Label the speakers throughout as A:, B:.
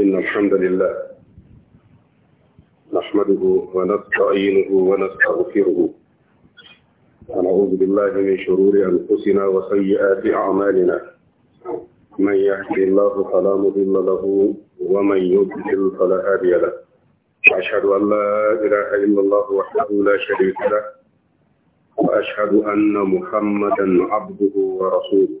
A: إن الحمد لله نحمده ونستعينه ونستغفره ونعوذ بالله من شرور أنفسنا وسيئات أعمالنا من يهدي الله فلا مضل له ومن يضلل فلا هادي له أشهد أن لا إله إلا الله وحده لا شريك له وأشهد أن محمدا عبده ورسوله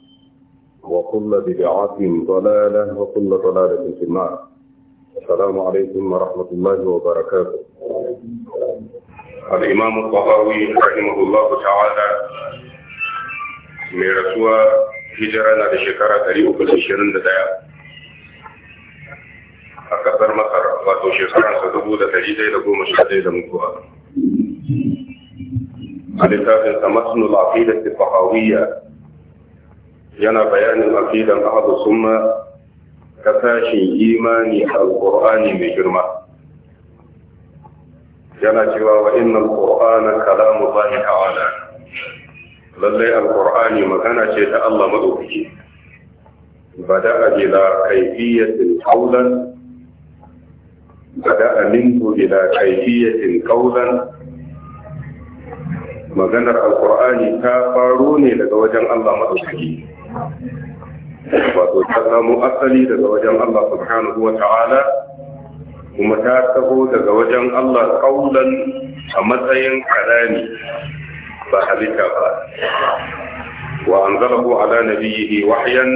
A: وكل بدعة ضلالة وكل ضلالة في النار السلام عليكم ورحمة الله وبركاته الإمام الطهاوي رحمه الله تعالى من رسوى هجرنا لشكرة تريء في الشرن دايا أكثر مصر وقت شكرا ستبو دا تجيدي لكو مشهدي لمكوها الإنسان تمثل العقيدة الطهاوية yana bayanin aqidan ahlus sunna ta sashin imani alqur'ani mai girma yana cewa wa innal qur'ana kalamu llahi ta'ala lalle alqur'ani magana ce ta Allah madaukaki bada'a bila kayfiyatin qawlan bada'a minhu bila kayfiyatin qawlan maganar alqur'ani ta faro ne daga wajen Allah madaukaki wato ta samu asali daga wajen Allah subhanahu wa ta'ala kuma ta taho daga wajen Allah kaulan a matsayin karami ba halitta ba wa an zalabu ala nabiyihi wahyan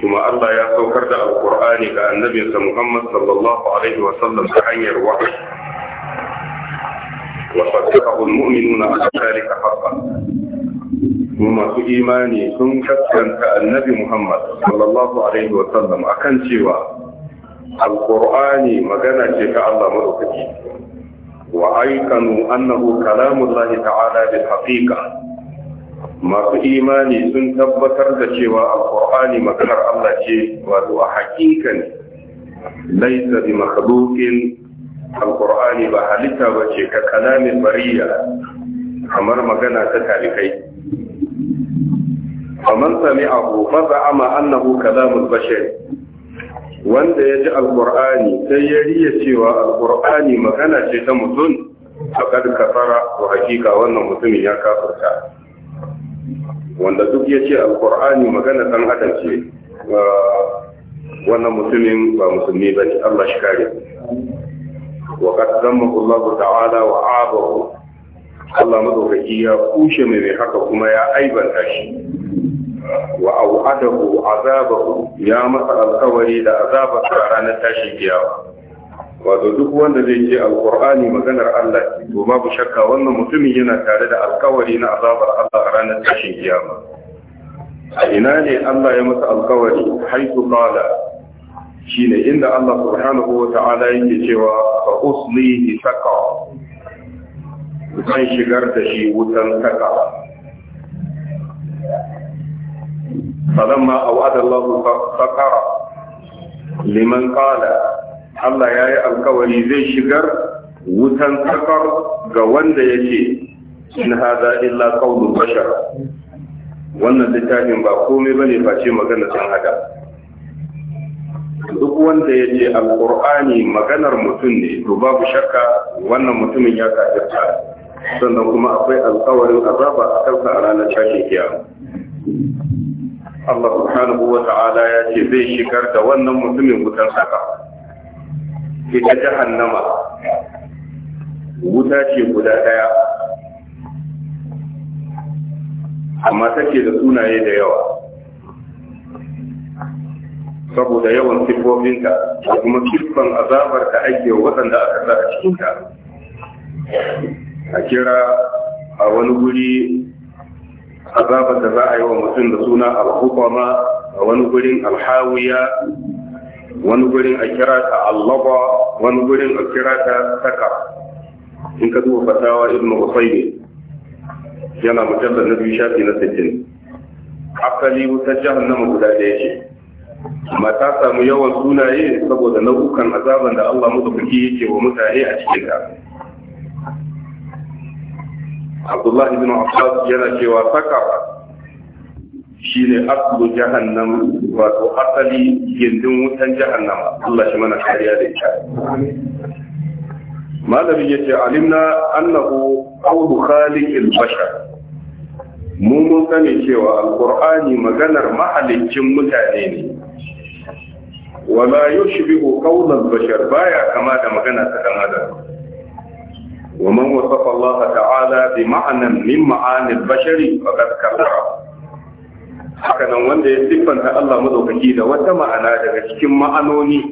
A: kuma Allah ya saukar da alkur'ani ga annabinsa Muhammad sallallahu alaihi wa sallam ta hanyar wahyi wa saddaqahu almu'minuna ala dhalika haqqan mu masu imani sun kaskanta annabi Muhammad sallallahu alaihi wa sallam akan cewa alqur'ani magana ce ta Allah madaukaki wa aikanu annahu kalamullah ta'ala bil haqiqa masu imani sun tabbatar da cewa alqur'ani maganar Allah ce wato a haƙiƙa ne laysa bi makhluqin alqur'ani ba halitta bace ka kalamin bariya kamar magana ta talikai faman sami'ahu fa za'ama annahu kalamul bashar wanda ya ji Alƙur'ani, sai ya riya cewa Alƙur'ani magana ce ta mutum faqad kafara wa hakika wannan mutumin ya kafirta wanda duk ya ce Alƙur'ani magana dan adam ce wannan mutumin ba musulmi ne. Allah shi kare wa qad zammahu ta'ala wa abahu Allah madaukaki ya kushe mai mai haka kuma ya aibanta shi wa au'adahu azabahu ya masa alkawari da azaba a ranar tashin kiyama wato duk wanda zai je alqur'ani maganar Allah to babu shakka wannan mutumin yana tare da alkawari na azabar Allah a ranar tashin kiyama a ina ne Allah ya masa alkawari haitu qala shine inda Allah subhanahu wa ta'ala yake cewa fa uslihi saqa zan shigar da shi wutan sakawa فلما a الله fakara. Liman قال Allah ya yi alkawari zai shigar wutan sakar ga wanda ya ce in haza illa kaunin bashar wannan littafin ba komai ba ne face magana sun haɗa. duk wanda ya ce Alƙur'ani maganar mutum ne to babu shakka wannan mutumin ya kafirta sannan kuma akwai alkawarin azaba a kansa a ranar tashin kiyama Allah subhanahu wa ta'ala ya ce zai shigar da wannan mutumin wutar saka ita jahannama wuta ce guda daya amma take da sunaye da yawa saboda yawan siffofinta da kuma siffan azabar da ake waɗanda aka sa a cikinta a kira a wani guri azabar da za a yi wa mutum da suna alhukama a wani gurin alhawiya wani gurin a kira ta allaba wani gurin a kira ta saka in ka duba fatawa ibn ne. yana mujallar na biyu shafi na sittin asali wutar jahannama guda ɗaya ce amma ta samu yawan sunaye saboda nau'ukan azaban da Allah madaukaki yake wa mutane a cikin ta abdullah ibn abbas yana cewa saka shine aslu jahannam wato asali gindin wutan jahannam Allah shi mana kariya da ita malami yace alimna annahu qawlu khaliqil bashar mu mun sani cewa alqur'ani maganar mahalicin mutane ne wala yushbihu qawlal bashar baya kama da magana ta dan adam ومن وصف الله تعالى بمعنى من معاني البشر فقد كفر hakanan wanda ya siffanta Allah madaukaki da wata ma'ana daga cikin ma'anoni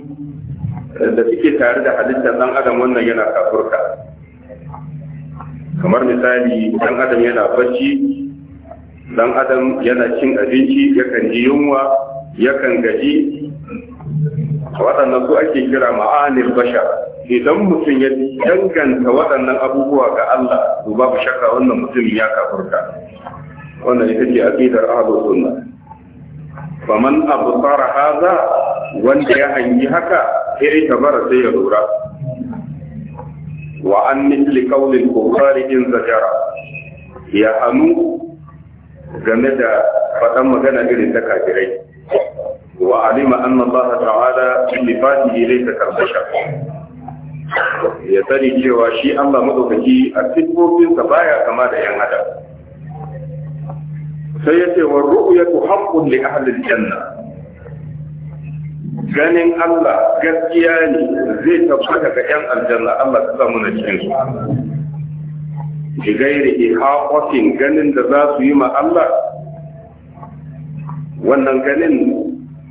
A: da suke tare da halittar dan adam wannan yana kafurka kamar misali dan adam yana bacci dan adam yana cin abinci yakan ji yunwa yakan gaji waɗannan su ake kira ma'anil bashar idan mutum ya danganta waɗannan abubuwa ga Allah to babu shakka wannan mutumin ya kafurta wannan ita ce aqidar ahlus sunna man abtara hadha wanda ya hangi haka sai ta bara sai ya lura wa an qawli al kufari in zajara ya hanu game da faɗan magana irin ta kafirai wa alima anna Allah ta'ala bi fatihi laysa karbasha ya sani cewa shi Allah madaukaki a sifofinsa baya kama da yan adam sai ya ce wa ku haqqun da ahalin janna ganin Allah gaskiya ne zai tabbata ga yan aljanna Allah ta samu na cikin su bi gairi ganin da za su yi ma Allah wannan ganin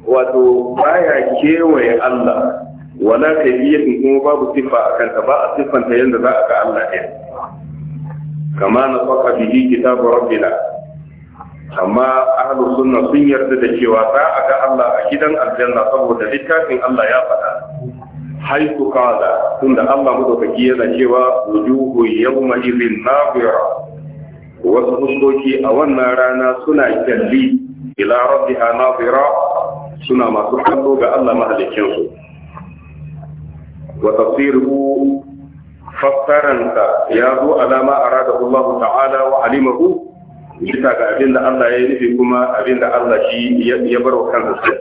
A: wato baya kewaye Allah wala kayfiyatin kuma babu siffa a kanta ba a siffanta yadda za a ga Allah ɗaya kama na faka bihi kitabu rabbina amma ahlus sunna sun yarda da cewa za a ga Allah a gidan aljanna saboda littafin Allah ya faɗa haitu qala tunda Allah madaukaki yana cewa wujuhu yawma idhin nadira wasu fuskoki a wannan rana suna kyalli ila rabbiha nadira suna masu kallo ga Allah mahaliccin وتفسيره فسرنك يا ذو على ما أراده الله تعالى وعلمه bisa ga abin da Allah ya nufi kuma abin da Allah shi ya bar wa kansa sai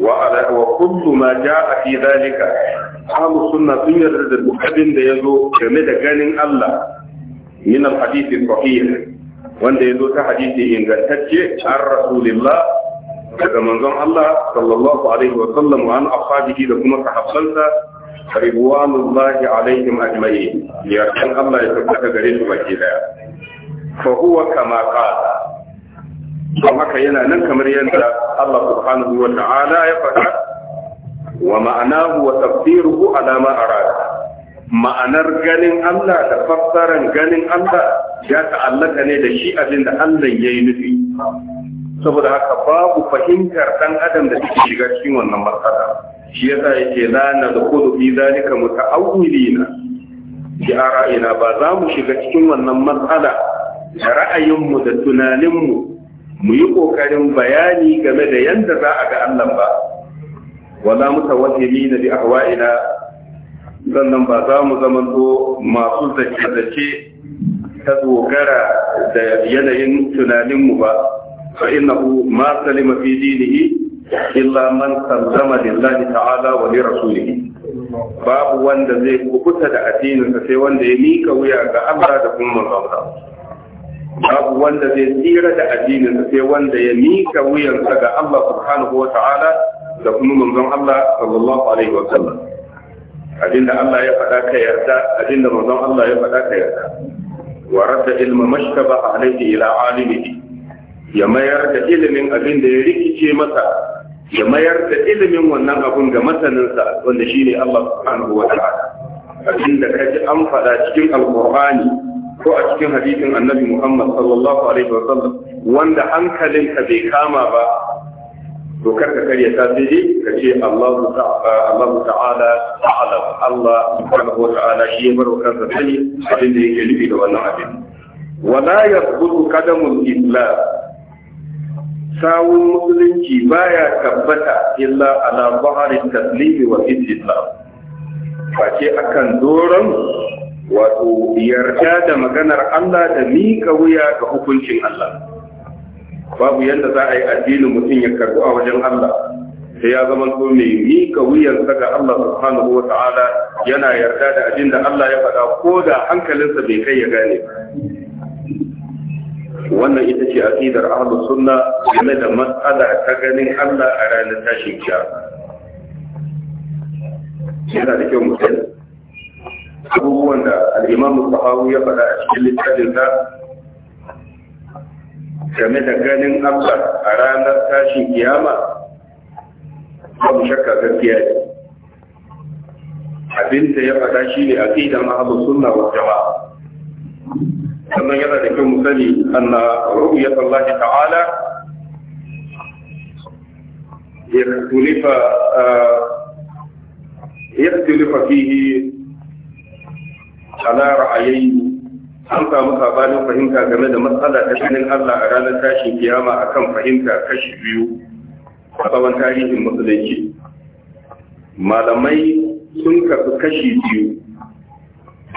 A: wa ala wa kullu ma jaa fi dalika ahlu sunna sun yarda da abinda abin da yazo game da ganin Allah min al hadith sahih wanda yazo ta hadisi ingantacce an rasulillah daga manzon Allah sallallahu alaihi wa sallam wa an ashabihi da kuma sahabbansa ridwanullahi alaihim ajma'in yardan Allah ya tabbata gare su baki daya fa huwa kama qala don haka yana nan kamar yadda Allah subhanahu wa ta'ala ya faɗa wa ma'anahu wa tafsiruhu ala ma arada ma'anar ganin Allah da fassaran ganin Allah ya ta'allaka ne da shi abin da Allah ya yi nufi saboda haka babu fahimtar dan adam da suke shiga cikin wannan matsala shi yasa yake la nadkhulu fi zalika muta'awwilina bi ara'ina ba za mu shiga cikin wannan matsala da ra'ayinmu da tunaninmu mu yi kokarin bayani game da yadda za a ga Allah ba wala mutawahhimina bi ahwa'ina sannan ba za mu zama zamanto masu zace-zace ta dogara da yanayin tunaninmu ba فإنه ما سلم في دينه إلا من سلم لله تعالى ولرسوله babu wanda zai kubuta da addininsa sai wanda ya mika wuya ga Allah da kuma manzonsa babu wanda zai tsira da addininsa sai wanda ya mika wuyansa ga Allah subhanahu da kuma manzon Allah sallallahu abinda Allah ya faɗa ka yarda abinda manzon Allah ya faɗa ka ilma ila ya mayar da ilimin abin da ya rikice masa ya mayar da ilimin wannan abun ga masaninsa wanda shi ne Allah subhanahu wa ta'ala abin da kaji an faɗa cikin alqur'ani ko a cikin hadisin annabi Muhammad sallallahu alaihi wa sallam wanda hankalinka bai kama ba to ka karya ta sai ka ce Allahu ta'ala ta'ala Allah subhanahu wa ta'ala shi ya baro kansa sani abin da yake nufi da wannan abin wala yasbutu qadamul islam sawun musulunci baya tabbata illa ala baharin taslimi wa istislam face akan doron wato yarda da maganar Allah da miƙa wuya ga hukuncin Allah babu yadda za a yi addinin mutum ya karbu a wajen Allah sai ya zama so mai miƙa wuyarsa ga Allah subhanahu wa ta'ala yana yarda da abin da Allah ya faɗa ko da hankalinsa bai kai ya gane ba wannan ita ce aqidar ahlus sunna game da mas'ala ta ganin Allah a ranar tashin kiyama yana da kyau mutum abubuwan da al-Imam Tahawi ya faɗa a cikin littafin sa game da ganin Allah a ranar tashin kiyama babu shakka gaskiya ne abinda ya faɗa shi ne aqidan ahlus sunna wal jama'a sannan yana da kyau mu sani anna ru'yat Allah ta'ala yaktulifa eh, yaktulifa fihi ala ra'ayi an samu sabanin fahimta game da matsala ta ganin Allah a ranar tashin kiyama akan fahimta kashi biyu a tsawon tarihin musulunci malamai sun kasu kashi biyu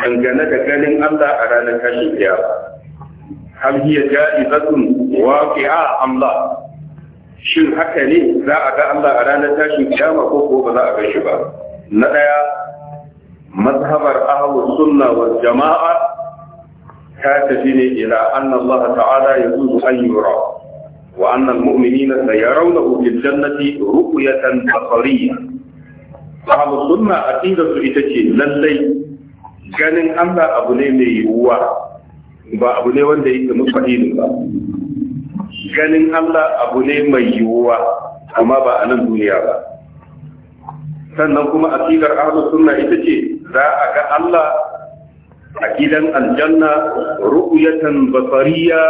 A: dangane da ganin Allah a ranar kashin kiyama hal hiya ja'izatun waqi'a am la shin haka ne za a ga Allah a ranar tashin kiyama ko ko ba za a ga shi ba na daya mazhabar ahlus sunna wal jama'a ta tafi ne ila anna Allah ta'ala yazuzu an yura wa anna al sayarawnahu fil jannati ru'yatan basariyah ahlus sunna aqidatu ita ce lallai ganin Allah abu ne mai yiwuwa ba abu ne wanda yake mutsaini ba ganin Allah abu ne mai yiwuwa amma ba a nan duniya ba sannan kuma aqidar ahlus suna ita ce za a ga Allah a gidan aljanna ru'uyatan basariya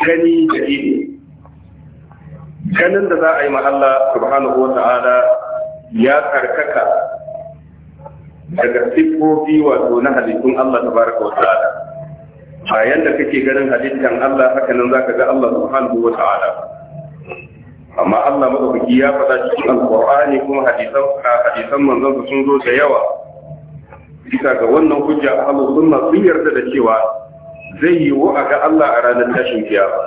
A: gani da ido ganin da za a yi ma Allah subhanahu wa ta'ala ya karkaka daga siffofi wato na halittun Allah ta baraka wa ta'ala a yanda kake ganin halittan Allah haka nan zaka ga Allah subhanahu wa ta'ala amma Allah madaukaki ya faɗa cikin alqur'ani kuma hadisan hadisan manzon sun zo da yawa bisa ga wannan hujja ahlus sunna sun yarda da cewa zai yi wa ga Allah a ranar tashin kiyama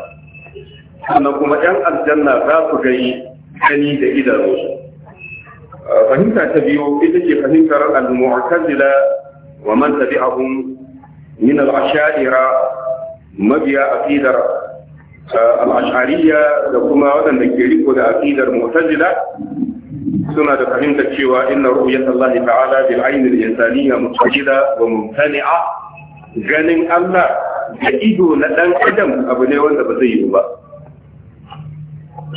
A: sannan kuma 'yan aljanna za su gani gani da idanu fahimta ta biyu ita ce fahimtar al-mu'tazila wa man tabi'ahum min al mabiya aqidar al-ash'ariyya da kuma waɗanda ke riko da aqidar mu'tazila suna da fahimtar cewa inna ru'yat Allah ta'ala bil ayn al-insaniyya mutajida wa mumtani'a ganin Allah da ido na dan adam abu ne wanda ba zai yi ba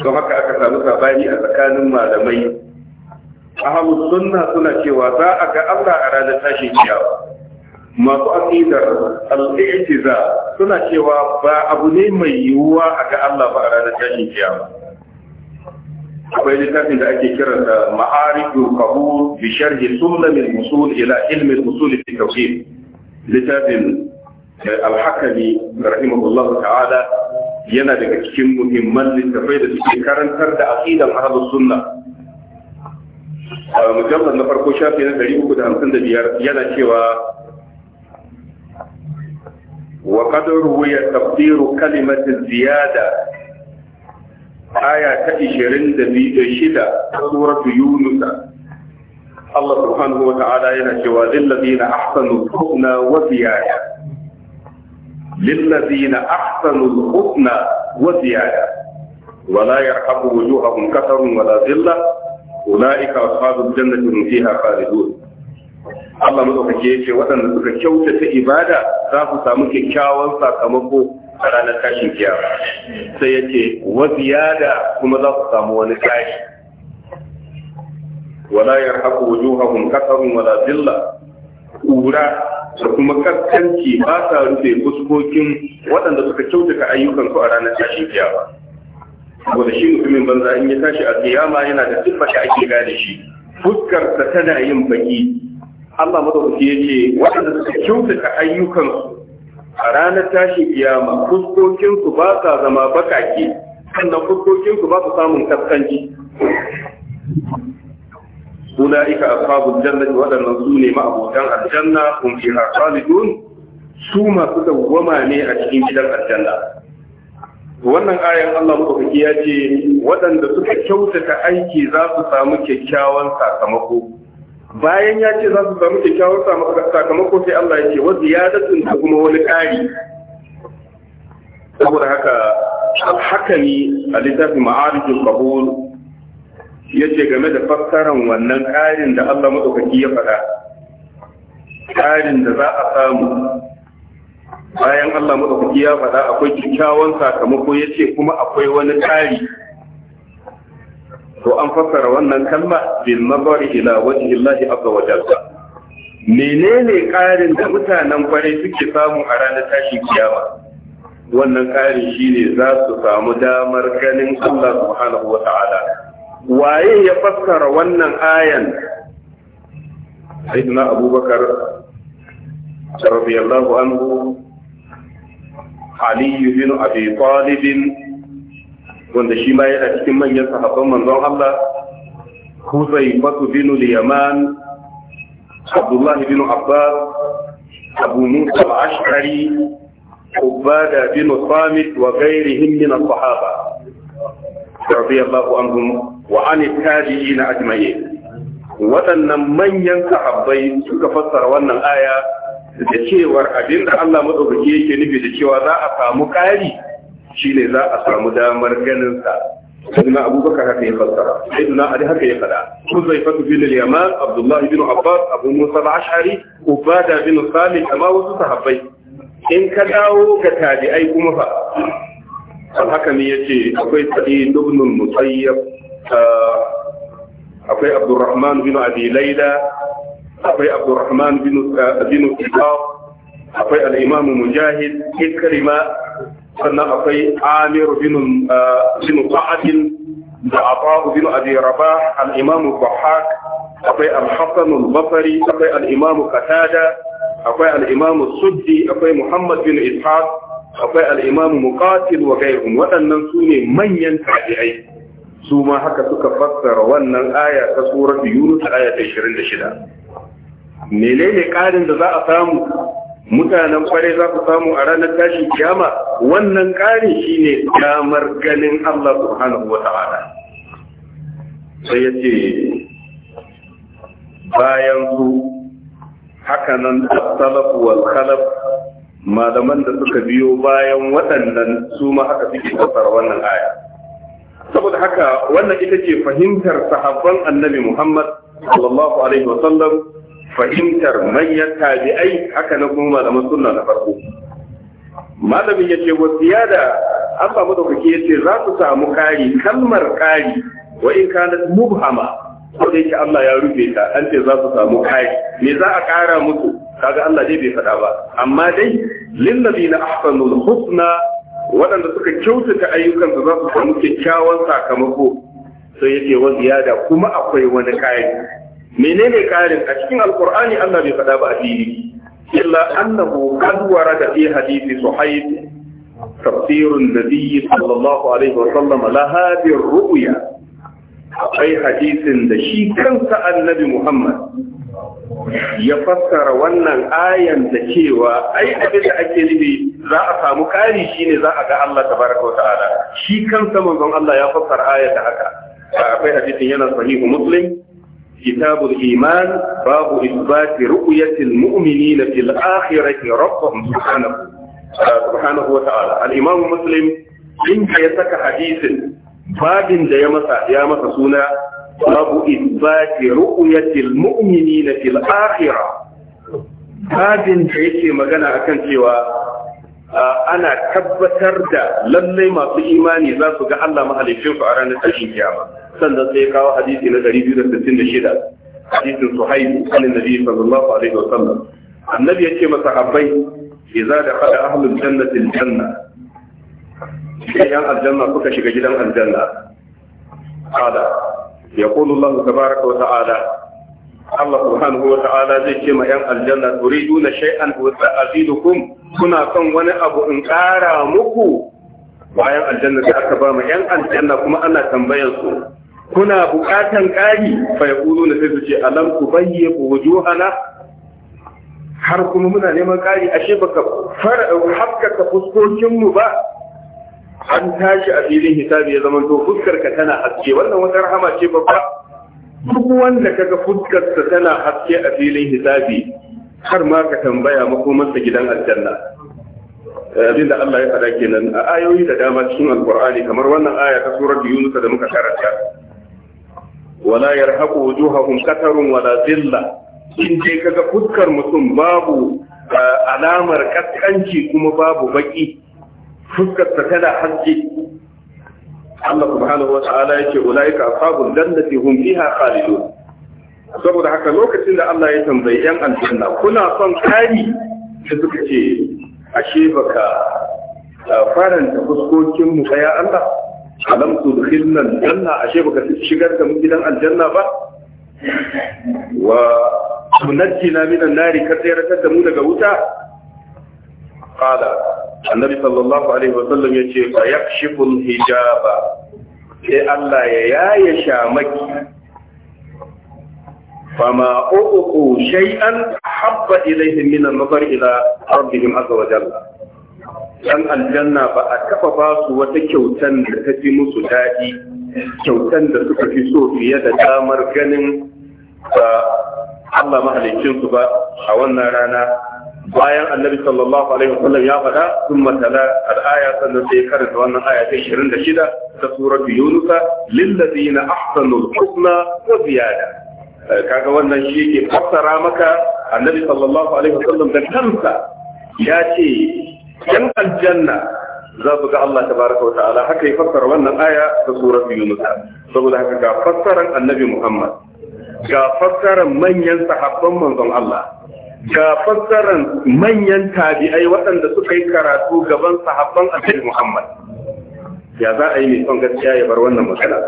A: don haka aka samu sabani a tsakanin malamai ahlus sunna suna cewa za a ga Allah a ranar tashin kiyama masu aqidar al-i'tiza suna cewa ba abu ne mai yiwuwa a ga Allah ba a ranar tashin kiyama akwai littafin da ake kira da ma'arifin kabul bi sharhi sunnamil musul ila ilmi usul fi tawhid littafin eh, al-hakami rahimahullahu ta'ala yana daga cikin muhimman littafai da suke karantar da aqidan ahlus sunna mujallar na farko shafi na 355 yana cewa wa ya tafsiru kalimatin ziyada aya ta 26 ta suratu yunus Allah subhanahu wa ta'ala yana cewa lillazina ahsanu husna wa ziyada lillazina ahsanu husna wa ziyada ولا يرحب وجوههم كثر ولا ulaika ashabul jannati hum fiha khalidun Allah madaukake yace waɗanda suka kyautata ibada za su samu kyakkyawan sakamako a ranar tashin kiyama sai yace wa ziyada kuma za su samu wani kashi wala yarhaqu wujuhahum qatarun wala dhilla kura da kuma kaskanci ba sa rufe fuskokin waɗanda suka kyautata ayyukanku a ranar tashin kiyama wanda shi mutumin banza in ya tashi a kiyama yana da siffar shi ake gane shi fuskar ta tana yin baki Allah madaukaki ya ce waɗanda suka kyautata ayyukansu a ranar tashi kiyama fuskokinsu ba sa zama bakaki sannan su ba su samun kaskanci أولئك أصحاب الجنة ولن نزول معه كان aljanna kun فيها خالدون su masu dawwama ne a cikin gidan aljanna wannan ayan Allah madaukaki ya ce waɗanda suka kyautata aiki za su samu kyakkyawan sakamako bayan ya ce za su samu kyakkyawan sakamako sai Allah ya ce wa ziyadatun da kuma wani ƙari saboda haka alhakami a littafin ma'arijin qabul ya ce game da fassaran wannan ƙarin da Allah madaukaki ya faɗa ƙarin da za a samu bayan Allah madaukaki ya faɗa akwai kyakkyawan sakamako yace kuma akwai wani ƙari to an fassara wannan kalma bil nazari ila wajhi Allah azza wa jalla menene ƙarin da mutanen kwarai suke samu a ranar tashin kiyama wannan ƙarin shine za su samu damar ganin Allah subhanahu wata'ala waye ya fassara wannan ayan sayyidina abubakar radiyallahu anhu Ali bin Abi wanda shi ma yana cikin manyan sahabban manzon Allah Huzaifa bin Yaman Abdullah bin Abbas Abu Musa al-Ash'ari Ubada bin Samit wa ghairihim min as-sahaba radiyallahu anhum wa an ajma'in manyan sahabbai suka fassara wannan aya da cewar abin da Allah maɗaukaki yake nufi da cewa za a samu ƙari shi ne za a samu damar ganinsa sai na abubakar haka ya fassara sai na ali haka ya faɗa kun zai fatu bin al-yaman abdullahi bin abbas abu musa al-ashari ubada bin salih amma wasu sahabbai in ka dawo ga tabi'ai kuma fa haka ne ya ce akwai sa'id ibn musayyab eh, akwai abdurrahman bin abi laila akwai abdurrahman bin eh, ibab akwai al'imamu mujahid ikrima sannan akwai amir bin eh, sa'adin da abu bin abi al'imamu bahak akwai al-hassan al-basri akwai al'imamu katada akwai al'imamu suddi akwai muhammad bin ishaq akwai al'imamu muqatil wa gairun waɗannan su ne manyan tabi'ai su ma haka suka fassara wannan aya ta tsoron yunus aya ta 26 menene ƙarin da za a samu mutanen kwarai za ku samu a ranar tashin kiyama wannan ƙarin shine damar ganin Allah subhanahu wata'ala sai ya ce bayan su hakanan salafu wal khalaf malaman da suka biyo bayan waɗannan su ma haka suke fassara wannan aya saboda haka wannan ita ce fahimtar sahabban annabi Muhammad sallallahu alaihi wasallam fahimtar manyan tabi'ai haka na kuma malaman sunna na farko malamin ya ce wasu da an ba madaukaki ya ce za su samu kari kalmar kari wa in kana mubhama ko da yake Allah ya rufe ta an ce za su samu kari me za a kara musu kaga Allah dai bai faɗa ba amma dai lil ladina ahsanul husna waɗanda suka kyautata ayyukansu za su samu kyakkyawan sakamako sai yake wa ziyada kuma akwai wani kari menene karin a cikin alqur'ani Allah bai faɗa ba a fili illa annahu qad warada fi hadisi suhayb تفسير النبي صلى الله عليه وسلم لهذه الرؤيا أي حديث لشي كنت النبي محمد ya fassara wannan ayan da cewa ai abin da ake nufi za a samu kari shine za a ga Allah tabaraka wa ta'ala shi kansa manzon Allah ya fassara ayar da haka akwai hadisin yana sahihu muslim كتاب الإيمان باب إثبات رؤية المؤمنين في الآخرة ربهم سبحانه سبحانه وتعالى الإمام مسلم إن يسك حديث باب يا مسا يا مسا سنة باب إثبات رؤية المؤمنين في الآخرة باب يسك مغانا أكن سوى ana tabbatar da lallai masu imani za su ga Allah mahaliccin su a ranar tashin kiyama sannan sai ya kawo hadisi na 266 hadisin suhaibu an nabi sallallahu alaihi wa sallam annabi yace masa habbai idza da qada ahlul jannati aljanna yan aljanna suka shiga gidan aljanna qala yaqulu allah tabaaraka wa ta'ala Allah subhanahu wa ta'ala zai ce ma ‘yan aljanna turiduna shay'an wa azidukum kuna son wani abu in ƙara muku bayan aljanna da aka ba mu ‘yan aljanna kuma ana tambayar su kuna bukatan kari fa ya na sai su ce alam ku bayye ku har kuma muna neman ƙari ashe baka fara haskaka fuskokinmu ba an tashi a filin hisabi ya zama to ka tana haske wannan wata rahama ce babba duk wanda kaga fuskarsa tana haske a filin hisabi har ma ka tambaya sa gidan aljanna eh, abinda Allah ya faɗa kenan a ayoyi da dama cikin alqur'ani kamar wannan aya ta surar yunus da muka karanta wala haƙo wujuhahum qatarun wala zilla in dai kaga fuskar mutum babu eh, alamar kaskanci kuma babu baƙi. fuskar ta tana hajji Allah subhanahu wa ta'ala yake ulaika ashabul jannati hum fiha khalidun saboda haka lokacin da Allah ya tambayi yan aljanna kuna son kari da suka ce ashe baka eh, faranta fuskokin mu ya Allah alam tudkhilna aljanna ashe baka shigar da mu gidan aljanna ba wa tunajjina min an-nar ka tsayar da mu daga wuta qala annabi sallallahu alaihi wa sallam yace fa yakshifu al-hijaba sai Allah ya yaye shamaki fama uqu shay'an habba ilayhim min an-nazar ila rabbihim azza wa jalla dan aljanna ba a taɓa ba su wata kyautan da ta fi musu daɗi kyautan da suka fi so fiye da damar ganin ba Allah mahalicin su ba a wannan rana bayan annabi sallallahu alaihi wasallam ya faɗa sun matala al'aya sannan sai karanta wannan aya ta 26 ta suratu yunusa lillazina ahsanul husna wa ziyada eh, kaga wannan shi ke fassara maka annabi sallallahu alaihi wasallam da kansa ya ce yan aljanna za su ga Allah tabaraka wa ta'ala haka ya fassara wannan aya ta surar Yunus saboda haka ga fassaran Annabi Muhammad ga fassaran manyan sahabban manzon Allah ga fassaran manyan tabi'ai waɗanda suka yi karatu gaban sahabban Annabi Muhammad ya za a yi mai son gaskiya ya bar wannan magana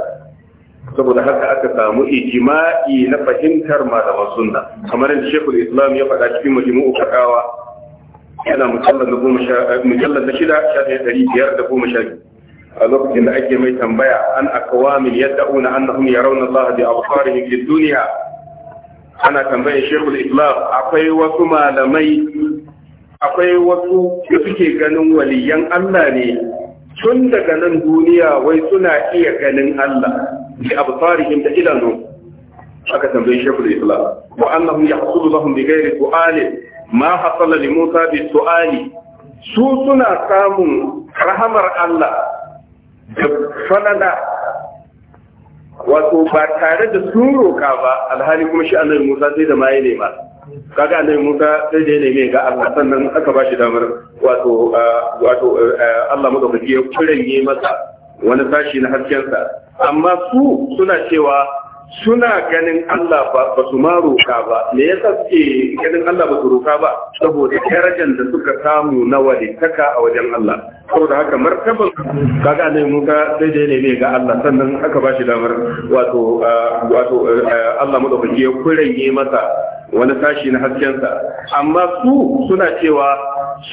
A: saboda haka aka samu ijima'i na fahimtar malaman sunna kamar yadda Sheikhul Islam ya faɗa cikin majmu'u fatawa yana mujallar da goma sha eh, mujallar da shida sha ɗaya ɗari biyar da goma sha biyu a lokacin da ake mai tambaya an akawamin yadda'una annahum yarawna Allah bi absarihim fid duniya. ana tambayar Sheikhul Islam akwai wasu malamai akwai wasu da suke ganin waliyan Allah ne tun daga nan duniya wai suna iya ganin Allah abu bi absarihim da idanu aka tambayi Sheikhul Islam wa annahum yahsulu lahum bi ghairi su'alin ma hasala li Musa bi su'ali su suna samun rahamar Allah da falala wato ba tare da sun roƙa ba alhali kuma shi Allah Musa sai da mai ya nema kaga Allah Musa sai da ya neme ga Allah sannan aka ba shi damar wato wato Allah madaukaki ya kuranye masa wani sashi na haskensa amma su suna cewa suna ganin Allah ba su ma roka ba me yasa suke ganin Allah ba su roƙa ba saboda darajar da suka samu na wadataka a wajen Allah saboda haka martaban kaga ne Musa sai da ne ga Allah sannan aka ba shi damar wato wato Allah madaukaki ya kuranye masa wani sashi na sa. amma su suna cewa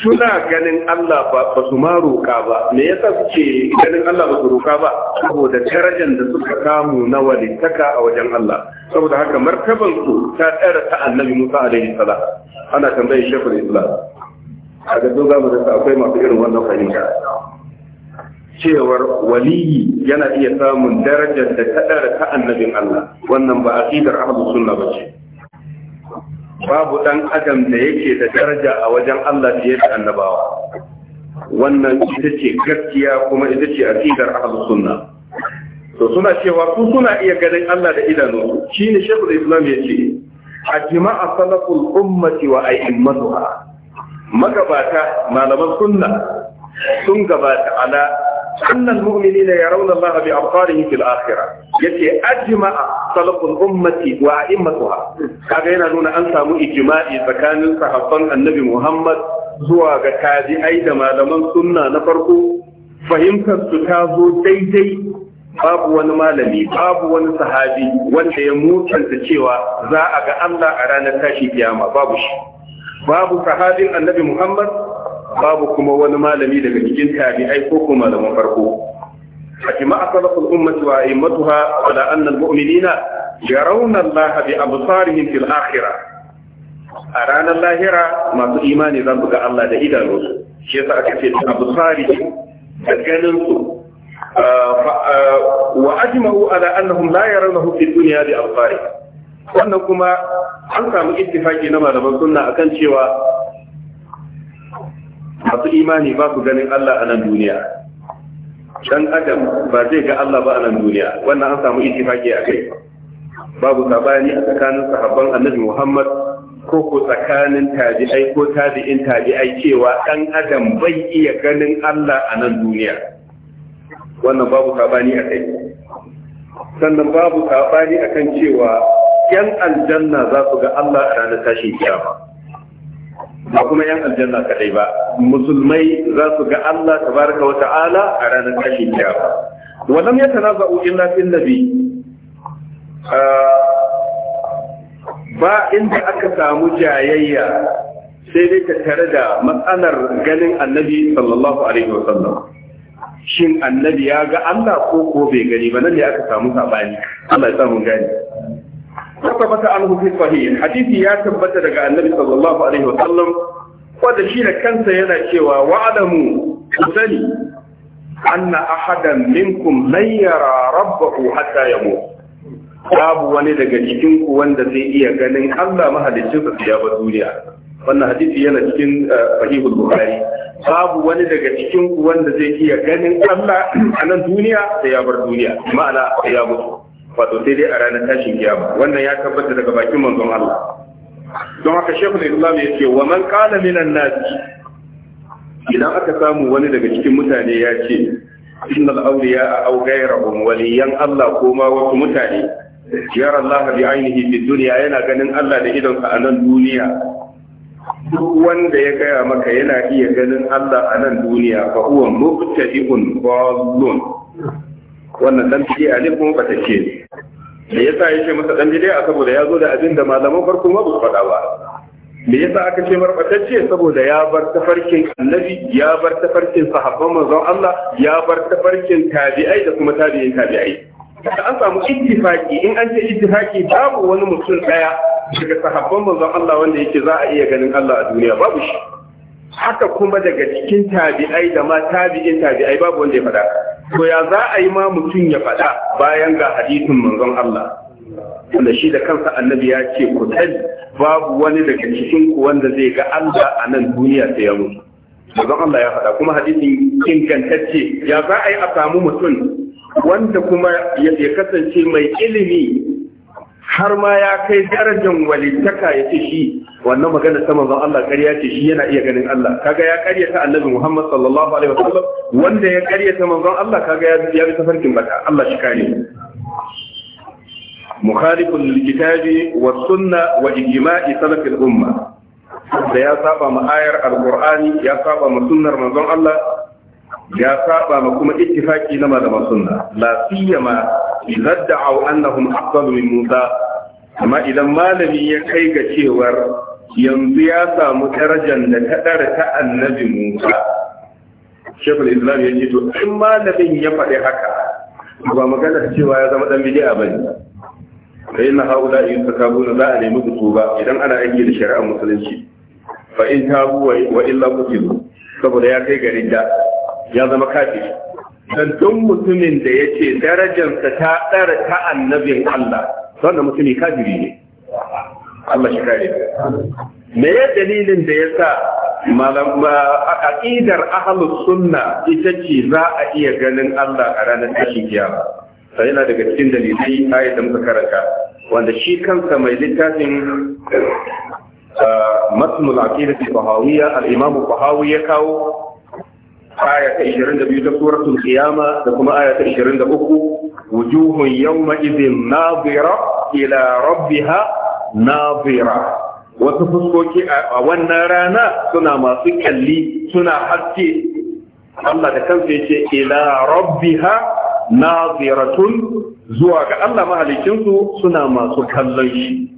A: suna ganin Allah ba ba su ma ba me yasa suke ganin Allah ba su roƙa ba saboda darajar da suka samu na walittaka a wajen Allah saboda haka martaban su ta tsara ta annabi Musa alaihi salam ana tambayar shekul Islam a ga zo zamu da akwai masu irin wannan fahimta cewar waliyi yana iya samun darajar da ta dara ta annabin Allah wannan ba aqidar ahlus sunna ce. babu dan adam da yake da daraja a wajen Allah fiye da annabawa wannan ita ce gaskiya kuma ita ce aqidar ahlus sunna to suna cewa su suna iya ganin Allah da idanu shine shaykhul islam yace ajma'a salaful ummati wa a'immatuha magabata malaman sunna sun gabata ala annal mu'minina yarawna Allah bi absarihim fil akhirah yace ajma'a salafun ummati wa a'immatuha kaga yana nuna an samu ijma'i tsakanin sahabban annabi Muhammad zuwa ga tabi'ai da malaman sunna na farko fahimtar su ta zo daidai babu wani malami babu wani sahabi wanda ya mutanta cewa za a ga Allah a ranar tashi kiyama babu shi babu sahabin annabi muhammad babu kuma wani malami daga cikin tabi'ai ko kuma malamin farko a kima asalatul ummati wa aimmatuha ala anna almu'minina yarawna allah bi absarihim fil akhirah a ranar lahira masu imani zan buga allah da idanun su shi yasa aka ce da absarihim da ganin su wa ajma'u ala annahum la yarawnahu fid wannan kuma an samu ittifaki na malaman sunna akan cewa masu imani ba su ganin Allah a nan duniya dan adam ba zai ga Allah ba a nan duniya wannan an samu ittifaki a kai babu sabani a tsakanin sahabban annabi Muhammad ko ko tsakanin tabi'ai ko tabi'in tabi'ai cewa dan adam bai iya ganin Allah a nan duniya wannan babu sabani a kai sannan babu sabani akan cewa yan aljanna za su ga Allah a ranar tashin kiyama ba kuma yan aljanna kadai ba musulmai za su ga Allah tabaraka wa ta'ala a ranar tashin kiyama walam yatanaza'u illa fil nabi ah, ba inda aka samu jayayya sai dai ta tare da matsalar ganin annabi sallallahu alaihi wa sallam shin annabi ya ga Allah ko ko bai gani ba nan ne aka samu sabani Allah ya samu gani وثبت عنه في الصحيح حديث يا ثبت دغا النبي صلى الله عليه وسلم wanda shi da kansa yana cewa wa'adamu sani anna ahadan minkum lan yara rabbahu hatta yamut babu wani daga cikin ku wanda zai iya ganin Allah mahaliccin sa ya ba duniya wannan hadisi yana cikin eh, sahihul bukhari babu wani daga cikin ku wanda zai iya ganin Allah a nan duniya da ya bar duniya ma'ana ya mutu wato sai dai a ranar tashin kiyama wannan ya tabbata daga bakin manzon Allah don haka shekul islam ya ce wa man qala minan nas idan aka samu wani daga cikin mutane ya ce innal awliya aw ghayruhum waliyan Allah ko ma wasu mutane yara Allah bi ainihi fi dunya yana ganin Allah da idonsa a nan duniya duk wanda ya gaya maka yana iya ganin Allah a nan duniya fa huwa mubtadi'un dallun wannan dan bid'a ne kuma ce. me yasa yake masa dan bid'a saboda ya zo da abin da malaman farko ma ba su faɗa ba me yasa aka ce marbatacce saboda ya bar tafarkin annabi ya bar tafarkin sahabban manzon Allah ya bar tafarkin tabi'ai da kuma tabi'in tabi'ai da an samu ittifaki in an ce ittifaki babu wani mutum daya daga sahabban manzon Allah wanda yake za a iya ganin Allah a duniya babu shi haka kuma daga cikin tabi'ai da ma tabi'in tabi'ai babu wanda ya faɗa to ya za a yi ma mutum ya faɗa bayan ga hadisin manzon Allah wanda shi da kansa annabi ya ce ku sani babu wani daga cikin ku wanda zai ga Allah a nan duniya sai ya mutu manzon Allah ya faɗa kuma hadisin ingantacce ya za a yi a samu mutum wanda kuma ya kasance mai ilimi har ma ya kai darajar walittaka ya ce shi wannan magana ta manzon Allah karya ce shi yana iya ganin Allah kaga ya ƙaryata annabi Muhammad sallallahu alaihi wasallam wanda ya karyata manzon Allah kaga ya bi tafarkin bata Allah shi kare mukhalifun lil kitabi was sunna wa ijma'i salaf umma da ya saba ma ayar alqur'ani ya saba ma sunnar manzon Allah ya saba ma kuma ittifaki na malaman sunna la siyama idan da'aw annahum afdalu min Musa amma idan malami ya kai ga cewar yanzu ya samu darajar da ta dara ta annabi Musa Shekul Islam ya ce to in malamin ya faɗi haka ba magana cewa ya zama dan bid'a bane fa inna haula yusakabuna za a nemi ba. idan ana aiki da shari'ar musulunci fa in tabu wa illa qutilu saboda ya kai garin da ya zama kafiri dan duk mutumin da yace darajarsa ta dara ta annabin Allah wannan mutumi kafiri ne Allah shi kare me ya dalilin da yasa malama aqidar ahlus sunna ita ce za a iya ganin Allah a ranar tashin kiyama sai yana daga cikin dalilai ayat da muka karanta wanda shi kansa mai littafin ah, matnul aqidati bahawiyya al-imam bahawi ya kawo aya ta 22 ta suratul qiyama da kuma aya ta 23 wujuhun yawma idhin nadira ila rabbiha nadira wasu fuskoki a wannan rana suna masu kalli suna haske Allah da kansa yace ila rabbiha nadiratun zuwa ga Allah mahalikinsu suna masu kallon shi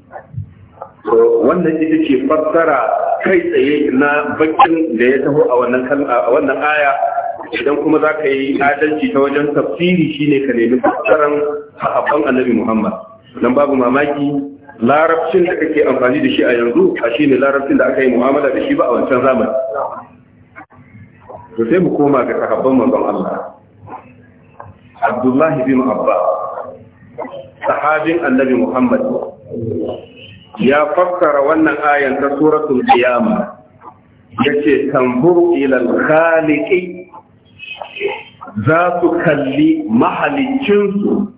A: wannan ita ce fassara kai tsaye na bakin da ya taho a wannan aya idan kuma za ka yi adalci ta wajen tafsiri shine ka nemi fassaran sahabban annabi Muhammad dan babu mamaki larabcin da kake amfani da shi a yanzu a shi ne larabcin da aka yi mu'amala da shi ba a wancan zamani to sai mu koma ga sahabban manzon Allah Abdullah bin Abbas sahabin annabi Muhammad ya fassara wannan ayan ta suratul qiyama yace tamburu ila al-khaliqi za su kalli mahalicinsu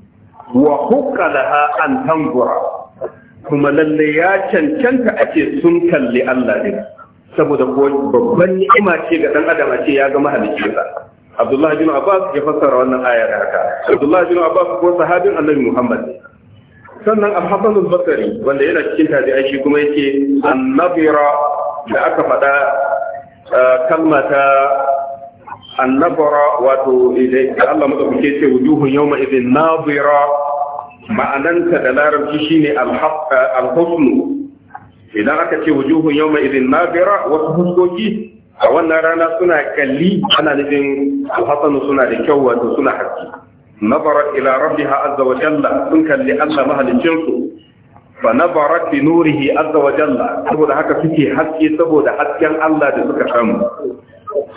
A: wa hukka an kuma lalle ya cancanta a ce sun kalli Allah ne saboda ko babban ni'ima ce ga dan adam a ce ya ga mahalicinsa Abdullah bin Abbas ya fassara wannan ayar haka Abdullah bin Abbas ko sahabin Annabi Muhammad sannan al-hasan wanda yana cikin tabi'ai shi kuma yake annabira da aka faɗa uh, kalma ta annabara wato eh, da Allah madaukake ce wujuhun yawma idhin nadira ma'ananta da larabci shine al uh, idan aka ce wujuhun yawma idhin nadira wasu huskoki a wannan rana suna kalli ana nufin al suna da kyau wato suna haske nazarat ila rabbiha a wa jalla sun kalli Allah mahalicin su fa nazarat bi nurihi azza wa saboda haka suke haske saboda hasken Allah da suka samu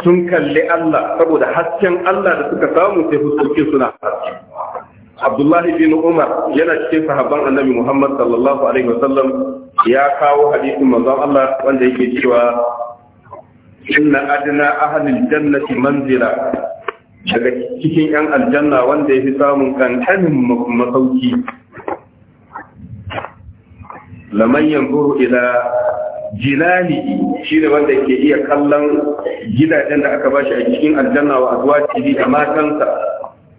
A: sun kalli Allah saboda hasken Allah da suka samu sai fuskokin suna Abdullahi bin Umar yana cikin sahabban Annabi Muhammad sallallahu alaihi wasallam ya kawo hadisin manzon Allah wanda yake cewa inna adna manzila daga cikin 'yan aljanna wanda ya fi samun ƙanƙanin masauki lamayyan buru ila jilali shi ne wanda ke iya kallon gidajen da aka bashi a cikin aljanna wa azwajihi da matansa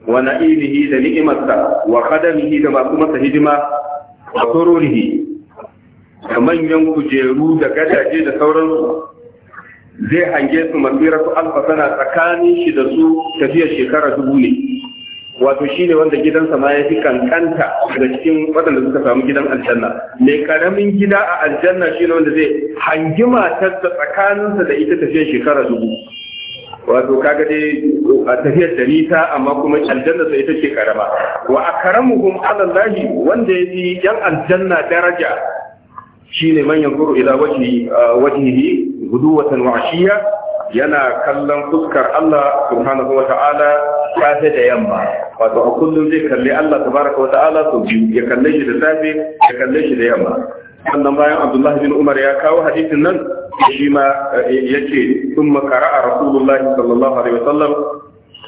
A: wa na'imihi da ni'imarsa wa khadamihi da masu masa hidima a sururihi da manyan kujeru da gadaje da sauransu zai hange su masiratu alfa sana tsakanin shi da su tafiyar shekara dubu ne wato shi ne wanda gidansa ma ya fi kankanta daga cikin waɗanda suka samu gidan aljanna mai karamin gida a aljanna shi ne wanda zai hangi da tsakaninsa da ita tafiyar shekara dubu wato kaga dai a tafiyar da nisa amma kuma aljanna sai ita ce karama wa akramuhum ala allahi wanda yafi yan aljanna daraja Shi ne manyan yanzuru ila wajhi wajhihi guduwatan wa ashiya yana kallon fuskar Allah subhanahu wa ta'ala safe da yamma wato a kullum zai kalli Allah tabaraka wa ta'ala to ya kalle shi da safe ya kalle shi da yamma wannan bayan Abdullah bin Umar ya kawo hadisin nan shi ma yace thumma qara'a Rasulullah sallallahu alaihi wasallam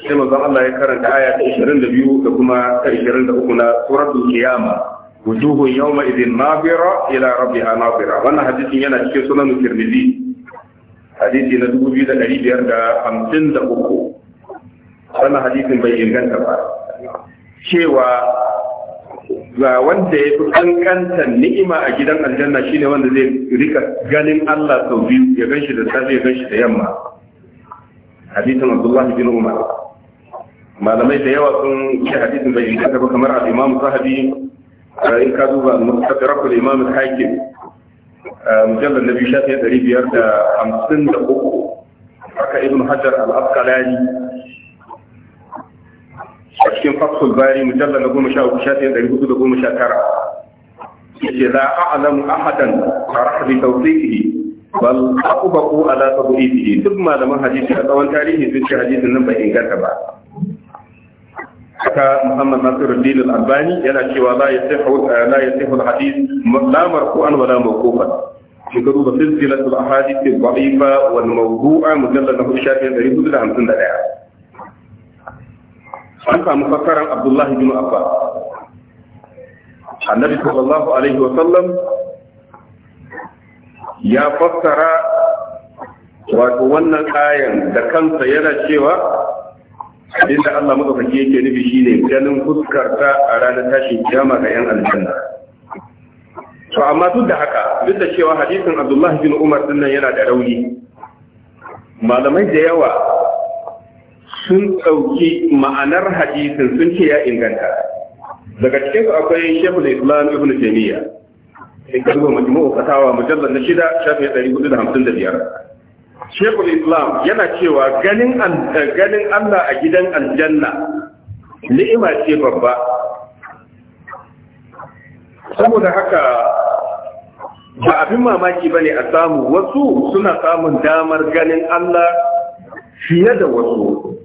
A: sai manzon Allah ya karanta aya ta 22 da kuma ta 23 na suratul qiyamah wujuhu yawma idin nabira ila rabbiha nabira wannan hadisin yana cikin sunan tirmidhi hadisi na dubu da da da biyar hamsin uku. wannan hadisin bai inganta ba cewa ga wanda ya fi kankanta ni'ima a gidan aljanna shine wanda zai rika ganin Allah sau biyu ya ganshi da safe ya ganshi da yamma hadisin Abdullahi bin Umar malamai da yawa sun ce hadisin bai inganta ba kamar al-Imam Sahabi in ka duba mustadrakul imam al-hakim mujallal nabi shafi 553 haka ibn hajar al-asqalani a cikin fathul bari mujallal na goma sha uku shafi ɗari hudu da goma sha tara yace la a'lamu ahadan sarah bi tawfiqihi bal aqubaqu ala tawfiqihi duk malaman hadisi a tsawon tarihi sun ce hadisin nan bai inganta ba haka muhammad Nasiru al-albani yana cewa la yasihu la yasihu al-hadith la marfu'an wa la mawqufan shi ka duba silsilatul ahadith ad-da'ifa wal mawdu'a mujallad na 1451 an samu fassaran abdullahi bin abbas annabi sallallahu alaihi wa sallam ya fassara wato wannan ayan da kansa yana cewa abin da Allah madaukaki yake nufi shine ganin fuskar ta a ranar tashin kiyama ga yan aljanna to amma duk da haka duk da cewa hadisin Abdullah bin Umar din nan yana da rauni malamai da yawa sun ɗauki ma'anar hadisin sun ce ya inganta daga cikin su akwai Sheikhul Islam Ibn Taymiyyah in kalma majmu'u fatawa mujallal na shida shafi 455 shekul islam yana cewa eh, ganin allah a gidan aljanna ni'ima ce babba saboda haka ba abin mamaki ba ne a samu wasu suna samun damar ganin allah fiye da wasu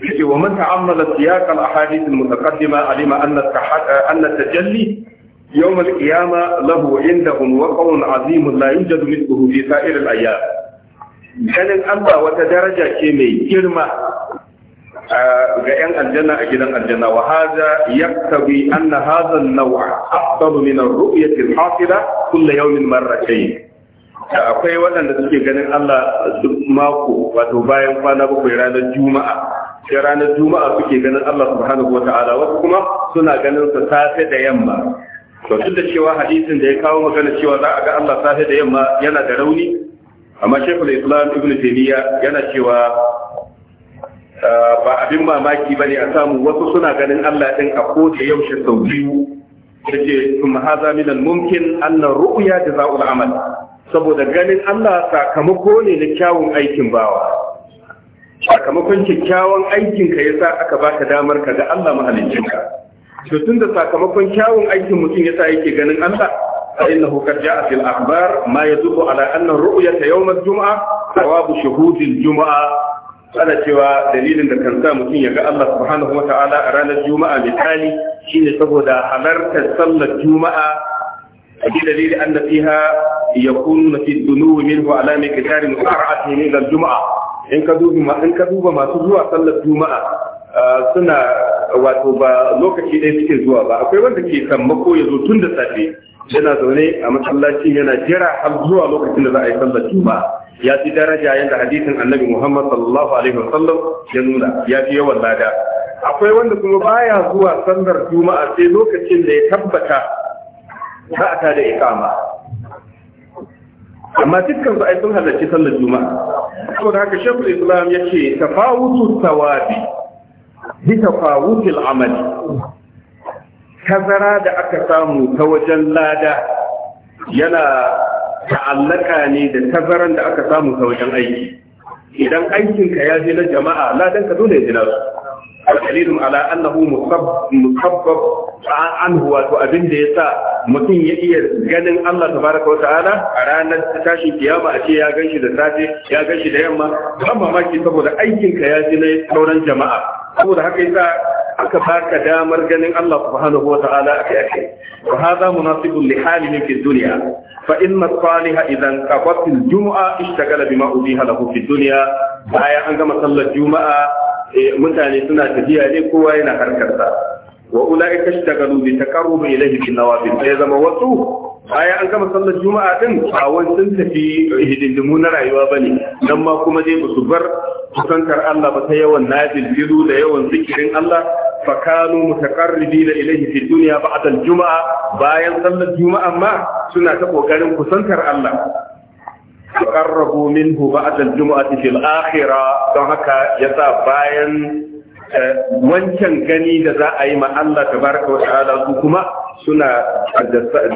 A: yake wa man ta'ammala siyaq al-ahadith al-mutaqaddima alima anna eh, anna tajalli yawm al-qiyamah lahu indahum waqawun azim la ganin Allah wata daraja ce mai girma ga 'yan aljanna a gidan aljanna wa haza yaktabi anna hadha an-naw'a afdalu min ar-ru'yati al yawmin marratayn akwai waɗanda suke ganin Allah duk mako wato bayan kwana bakwai ranar juma'a sai ranar juma'a suke ganin Allah subhanahu wa ta'ala wasu kuma suna ganin sa safe da yamma to duk da cewa hadisin da ya kawo magana cewa za a ga Allah safe da yamma yana da rauni amma shekul islam ibn taymiya yana cewa ah, ba abin mamaki ba ne a samu wasu suna ganin Allah ɗin a ko da yaushe sau biyu da ce sun haza minan mumkin annan ru'uya da za'ul amal saboda ganin Allah sakamako ne na kyawun aikin bawa sakamakon kyakkyawan aikin ka yasa aka baka damar ka ga Allah ka to tun da sakamakon kyawun aikin mutum yasa yake ganin Allah فإنه قد جاء في الأخبار ما يدل على أن الرؤية يوم الجمعة ثواب شهود الجمعة ana cewa dalilin da kan sa mutum ya ga Allah subhanahu wa ta'ala a ranar juma'a misali shine saboda halartar sallar juma'a a ji dalili an fiha ya kunu na fi dunuwi min wa ala mai kitari musara'ati ne ga juma'a in ka duba masu zuwa sallar juma'a suna wato ba lokaci ɗaya suke zuwa ba akwai wanda ke sammako ya zo tun da safe yana zaune a masallaci yana jira har zuwa lokacin da za a yi sallar juma'a ya fi daraja yadda hadisin annabi Muhammad sallallahu alaihi wasallam ya nuna ya fi yawan lada akwai wanda kuma baya zuwa sallar juma'a sai lokacin da ya tabbata za a ta da ikama amma dukkan su ai sun halarci sallar juma'a saboda haka shehu islam ya ce tafawutu tawabi bi tafawutil amali tazara da aka samu ta wajen lada yana ta'allaka ne da tazaran da aka samu ta wajen aiki idan aikinka ya je na jama'a ladanka dole ya ji nasu dalilin ala annahu musabbab anhu wato abin da sa mutum ya iya ganin Allah tabaraka wa ta'ala a ranar tashin kiyama a ce ya ganshi da safe ya ganshi da yamma ban mamaki saboda aikin ka ya ji na sauran jama'a saboda haka yasa aka baka damar ganin Allah subhanahu wa ta'ala akai akai wa hadha munasibun li halin fi dunya fa inna salihah idan qafat al-jum'a ishtagala bima udiha lahu fi dunya bayan an gama sallar juma'a Eh, mutane suna tafiya ne kowa yana harkarsa wa ulai kashtagalu bi taqarrubi ilayhi bin nawafil ya zama wasu baya an gama sallar juma'a din ba sun tafi hidindimu na rayuwa ne. nan ma kuma dai ba su bar kusantar Allah ba ta yawan nafil bidu da yawan zikirin Allah fa kanu da ilayhi fi dunya ba'da al-juma'a bayan sallar juma'a ma suna ta kokarin kusantar Allah فقربوا منه بعد الجمعة في الآخرة فهكا يسا باين wancan gani da za a yi ma Allah tabaraka wa ta'ala su kuma suna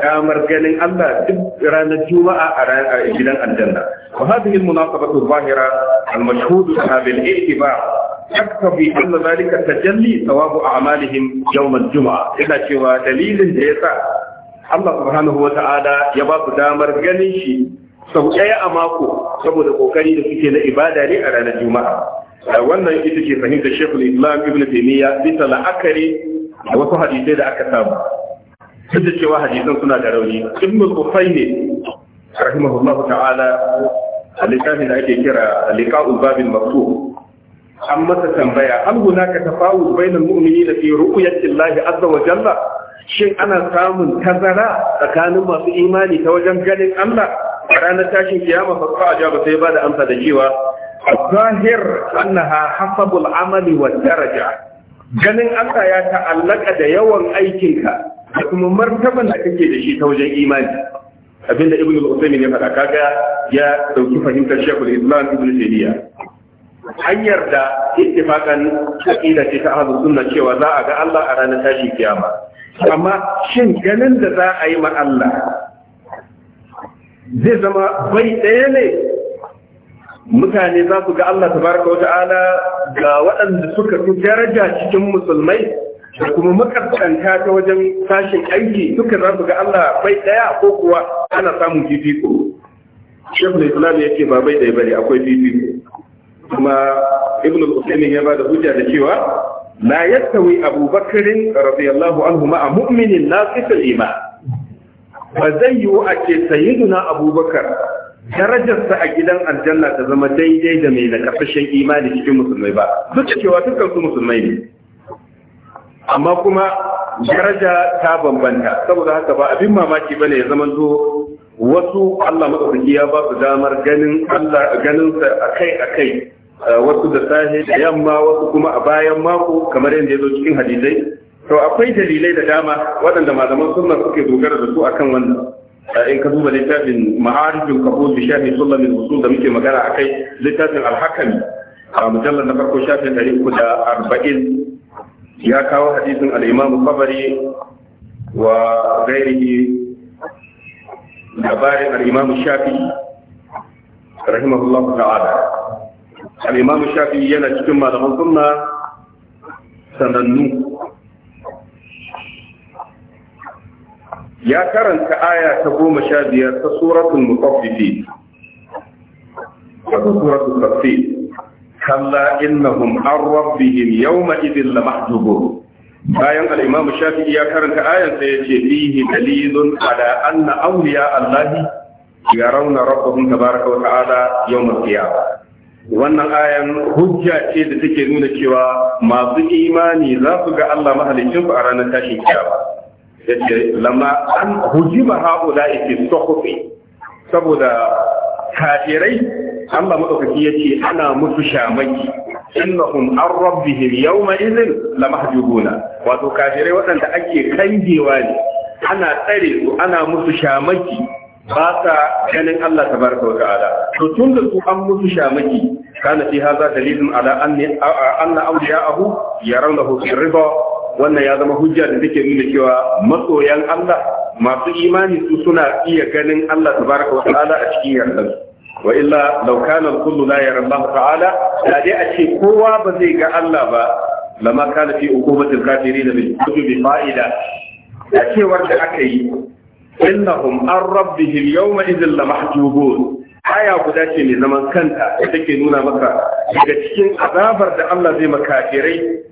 A: damar ganin Allah duk ranar juma'a a gidan aljanna wa hadhihi al-munasabatu al-zahira al-mashhud bil i'tibar yaktabi anna dhalika tajalli thawabu a'malihim yawm al-jum'a ina cewa dalilin da yasa Allah subhanahu wa ta'ala ya ba su damar ganin shi sau ɗaya a mako saboda kokari da suke na ibada ne a ranar juma'a wannan ita ke fahimtar shekul islam ibn taimiyya bisa la'akari da wasu hadisai da aka samu duk da cewa hadisan suna da rauni ibn kufai ne rahimahullah ta'ala a littafin da ake kira liqa'ul babin maftuh an masa tambaya hal hunaka tafawuz bainal mu'minina fi ru'yati Allah azza wa jalla shin ana samun tazara tsakanin masu imani ta wajen ganin Allah a ranar tashin kiyama fa ka ajaba sai ba da amsa da cewa zahir annaha hasabul amali wa daraja ganin Allah ya ta'allaka da yawan aikinka da kuma martaban da kake da shi ta wajen imani abinda ibn al-usaymin ya faɗa kaga ya dauki fahimtar shekul islam ibn taymiya hanyar da ittifakan aqida ce ta ahlus sunna cewa za a ga Allah a ranar tashin kiyama amma shin ganin da za a yi ma Allah zai zama bai ɗaya ne mutane za su ga Allah tabaraka wata'ala ga waɗanda suka fi daraja cikin musulmai da kuma makasanta ta wajen sashin aiki duka za su ga Allah bai ɗaya ko kuwa ana samun fifiko shekul islam ya ce ba bai ɗaya bane akwai fifiko kuma ibn al usaini ya ba da hujja da cewa la yastawi Abubakar, radiyallahu anhu ma'a mu'minin na iman ba zai yiwu a ce sayyiduna abubakar darajarsa a gidan aljanna ta zama daidai da mai nakasashen imani cikin musulmai ba duk da cewa dukkan su musulmai ne amma kuma daraja ta bambanta saboda haka ba abin mamaki ne ya zama zo wasu Allah madaukaki ya ba su damar ganin Allah a sa akai akai eh, wasu da sahi da yamma wasu kuma a bayan mako kamar yadda ya zo cikin hadisai to akwai dalilai da dama waɗanda malaman sunna suke dogara da su akan wannan in ka duba littafin ma'arifin kabul bi shafi sunna min usul da muke magana akai littafin al-hakami a mujallar na farko shafi da 340 ya kawo hadisin al-imam Qabari wa ghairihi labarin al-imam Shafi rahimahullahu ta'ala al-imam Shafi yana cikin malaman sunna sanannu ya karanta aya ta goma sha biyar ta suratun mutaffifi ta suratun tafsir kalla innahum an rabbihim yawma la lamahjubun bayan al-imam shafi'i ya karanta ayar sai yace fihi dalilun ala anna awliya allahi yarawna rabbahum tabaraka wa ta'ala yawm al-qiyamah wannan ayan hujja ce da take nuna cewa masu imani za su ga Allah mahaliccin su a ranar tashin kiyama lamma an hujima haula fi suhufi saboda kafirai Allah ya yace ana musu shamaki innahum an rabbihim yawma idhin lamahjubuna wato kafirai waɗanda ake kangewa ne ana tsare su ana musu shamaki ba sa ganin Allah tabaraka wa ta'ala to tun da su an musu shamaki kana fi hadha dalilun ala anna awliya'ahu yarawnahu fi ridha wannan ya zama hujja da take nuna cewa matsoyan Allah masu imani su suna iya ganin Allah tabaraka wa ta'ala a cikin yardan wa illa law kana kullu la yara Allah ta'ala da dai a ce kowa ba zai ga Allah ba lama kana fi uqubatil kafirin bil kutubi fa'ida da cewar da aka yi innahum an rabbihim yawma idhil lamahjubun aya guda ce mai zaman kanta da take nuna maka daga cikin azabar da Allah zai makafirai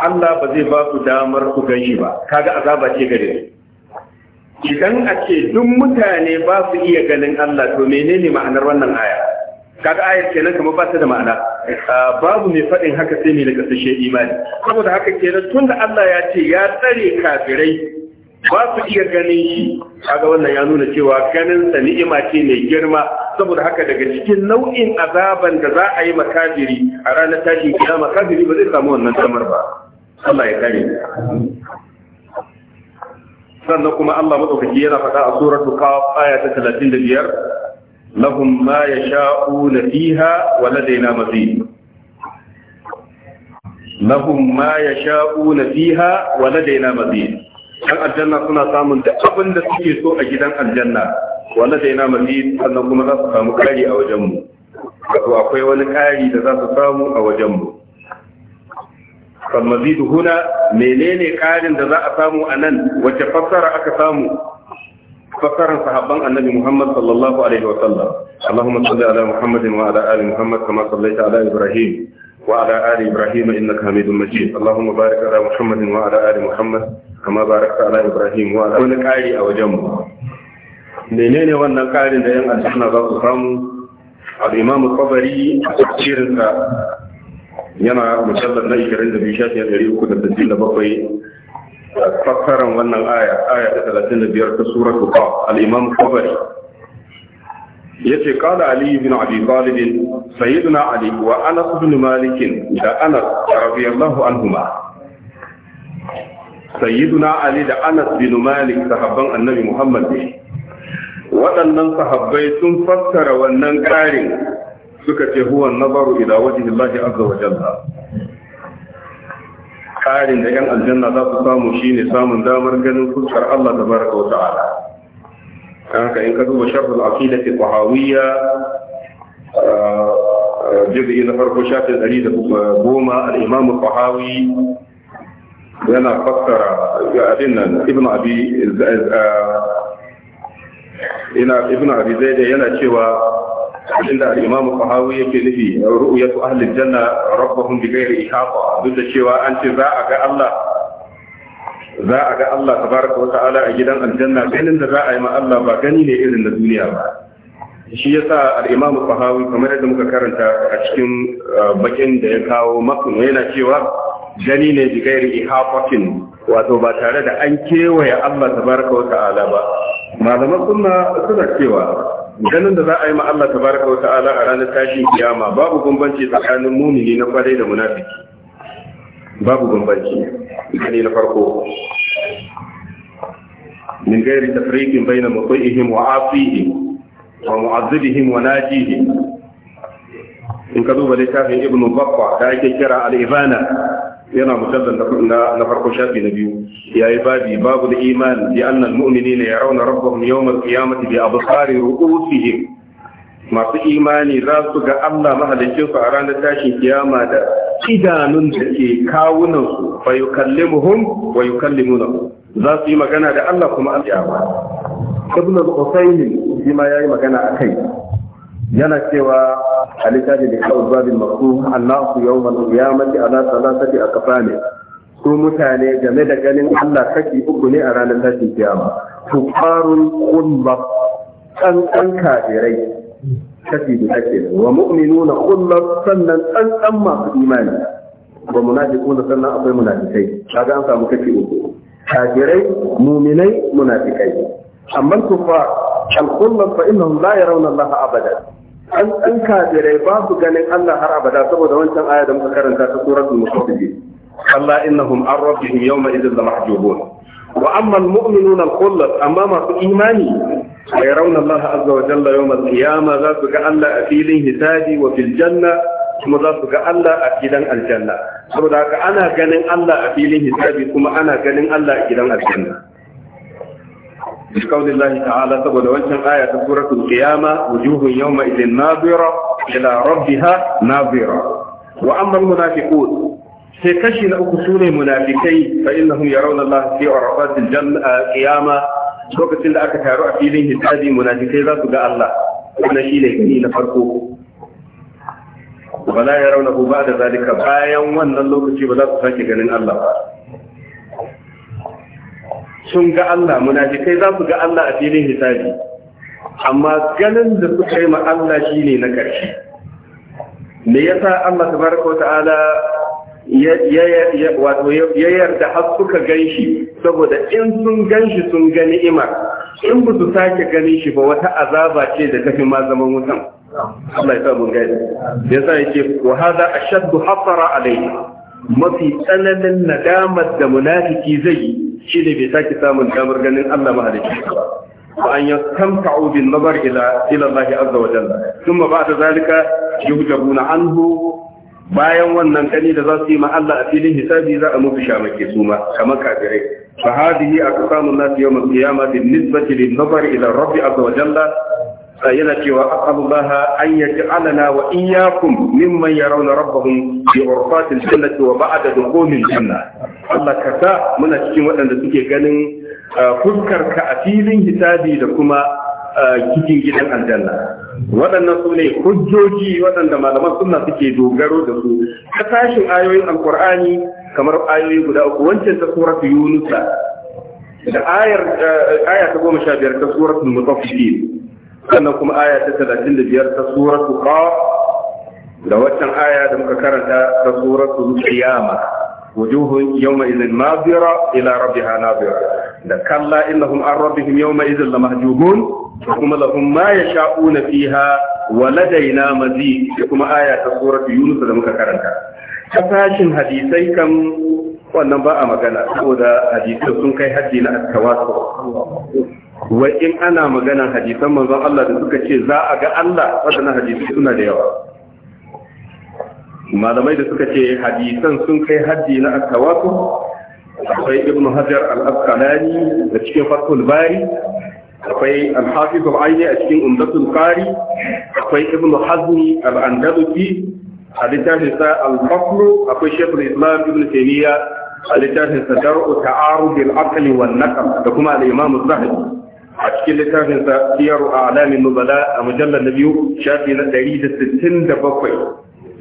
A: Allah ba zai ba ku damar ku ganshi ba kaga azaba ce gare su idan a ce duk mutane ba su iya ganin Allah to menene ma'anar wannan aya kaga ayar kenan kamar ba ta da ma'ana ah, babu mai faɗin haka sai mai nakasashe imani saboda haka kenan tun da Allah ya ce ya tsare kafirai ba su iya ganin shi kaga wannan ya nuna cewa ganinsa ni'ima ce mai girma saboda haka daga cikin nau'in azaban da za a yi makadiri, a ranar tashin kiyama kafiri ba zai samu wannan damar ba Allah ya kare sannan kuma Allah madaukaki yana faɗa a suratu qaf aya ta 35 lahum ma yasha'una fiha wa ladaina mazid lahum ma yasha'una fiha wa ladaina mazid yan aljanna suna samun da abin da suke so a gidan aljanna wanda da yana mafi sannan kuma za su samu kari a wajenmu wato akwai wani kari da za su samu a wajenmu falmazidu huna menene ƙarin da za a samu a nan wacce fassara aka samu فكرن صحابان النبي محمد صلى الله عليه وسلم اللهم صل على محمد وعلى ال محمد كما صليت على ابراهيم وعلى ال ابراهيم انك حميد مجيد اللهم بارك على محمد وعلى ال محمد kama barakta ala ibrahim wa wani ƙari a wajenmu menene wannan ƙarin da yan aljanna za su samu al'imamu kwabari a tafsirinsa yana musallar na da da da 22 shafiyar 367 fassarar wannan aya aya da biyar ta surar duka al'imam kwabari ya ce kada ali bin abi talibin sayyidina ali wa anas bin malikin da anas radiyallahu anhuma sayyiduna ali da anas bin malik sahabban annabi muhammad ne waɗannan sahabbai sun fassara wannan ƙarin suka ce huwa nazaru ila wajhi Allah azza wa jalla ƙarin da yan aljanna za su samu shine samun damar ganin fuskar Allah tabaraka wa ta'ala kanka in ka duba sharh al-aqidati tahawiyya juz'i na farko shafin 110 al-imam al yana fassara abin nan ibn abi ah, ina ibn abi zaida yana cewa inda al-imam qahawi yake nufi ru'yatu ahli janna rabbuhum bi ghairi ihaqa duk da cewa an ce za a ga Allah za a ga Allah tabaraka wa ta'ala a gidan aljanna ganin da za a yi ma Allah ba gani ne irin na duniya ba shi yasa al-imam qahawi kamar yadda muka karanta a cikin ah, bakin da ya kawo makon yana cewa gani ne bi gairi ihaqatin wato ba tare da an kewaye Allah tabaraka wa ta'ala ba malama sunna suna cewa ganin da za a yi ma Allah tabaraka wa ta'ala a ranar tashin kiyama babu bambanci tsakanin mumini na kwarai da munafiki babu bambanci gani na farko min gairi tafriqin bayna muti'ihim wa afihim wa mu'azzibihim wa najihim in ka duba littafin ibnu baffa da ake kira al-ibana yana mujallar na farko shafi na biyu ya yi babi babu da iman bi anna mu'mini ya rauna rabbahum yawmal qiyamati bi absari ru'usihim masu imani za su ga Allah mahalicin su a ranar tashin kiyama da idanun da ke kawunan su fa yukallimuhum wa yukallimuna za su yi magana da Allah kuma al-qiyama ibn al-husayn shi yayi magana akai yana cewa a littafi da kawo babin masu Allah su yau manu ya mace ala salatati a kafa ne su mutane game da ganin Allah kashi uku ne a ranar tashin kiyama tufarun kullab tsantsan kafirai kashi da kake wa na kullab sannan tsantsan masu imani wa munafiquna sannan akwai munafikai kaga an samu kashi uku kafirai muminai munafikai amma kufa al kullab fa innahum la yarawna Allah abada an an kafirai basu ganin Allah har abada saboda wancan aya da muka karanta ta suratul mutaffifin Allah innahum an rabbihim yawma idhin la wa amma almu'minun alqullat amma ma su imani yarawna Allah azza wa jalla yawma alqiyama za su ga Allah a filin hisabi wa fil janna kuma za su ga Allah a gidan aljanna saboda haka ana ganin Allah a filin hisabi kuma ana ganin Allah a gidan aljanna bi qaulillahi ta'ala saboda wancan aya ta suratul qiyama wujuhun yawma idin nadira ila rabbiha nadira wa amma almunafiqun sai kashi na uku sune munafikai fa innahum yarawna Allah fi arafatil janna qiyama lokacin da aka taru a filin hisabi munafikai za su ga Allah wannan shine gani na farko wala yarawnahu ba'da zalika bayan wannan lokaci ba za su sake ganin Allah sun ga Allah munafikai za su ga Allah a filin hisabi amma ganin da suka yi ma Allah ne na ƙarshe me yasa Allah tabaraka wa ta'ala ya yarda har suka gan shi saboda in sun gan shi sun gani ima in ba su sake ganin shi ba wata azaba ce da tafi ma zaman wutan Allah ya sa mun gani ya sa yake wa hada ashaddu hasara alayhi mafi tsananin nadamar da munafiki zai yi shi ne bai sake samun damar ganin Allah mahalicci ba an yi tamta'u bin nazar ila ila Allah azza wa jalla thumma ba'da zalika yuhjabuna anhu bayan wannan gani da za su yi ma Allah a filin hisabi za a mutu shamake su ma kamar kafirai fa hadhihi aqsamun nas yawm al-qiyamah bin nisbati lin nazar ila rabbi azza wa jalla yana cewa as'alullah an yaj'alana wa iyyakum mimman yarawna rabbahum bi urfatil jannati wa ba'da dukhulil janna Allah ka sa muna cikin waɗanda suke ganin uh, fuskar ka a filin hisabi da kuma uh, cikin gidan aljanna waɗannan su ne hujjoji waɗanda malaman sunna suke dogaro da su ta tashin ayoyin alqur'ani kamar ayoyi guda uku wancan ta suratu yunusa da ayar uh, aya ta goma sha biyar ta suratul mutaffifin sannan kuma aya ta biyar ta suratu qaf da waccan aya da muka karanta ta suratu qiyama wujuhu yawma idhin nadira ila rabbiha nadira da kalla innahum an rabbihim yawma idhin lamahjubun kuma lahum ma yasha'una fiha wa ladaina mazid kuma aya ta suratu yunus da muka karanta kasashin hadisai kan wannan ba a magana saboda hadisai sun kai haddi na at Wai in ana maganan hadisan manzon Allah da suka ce za a ga Allah wadannan hadisi suna da yawa malamai da suka ce hadisan sun kai haddi na akawatu akwai ibnu hajar al-asqalani da cikin fathul bari akwai al-hafiz al a cikin umdatul qari akwai ibnu hazmi al-andalusi a littafin sa al-fasl akwai shaykhul islam ibnu taymiya a littafin sa dar'u ta'arud al-aqli wan naql da kuma al-imam az-zahabi a cikin littafin siyaru a alamin nubala a mujallar na biyu shafi na bakwai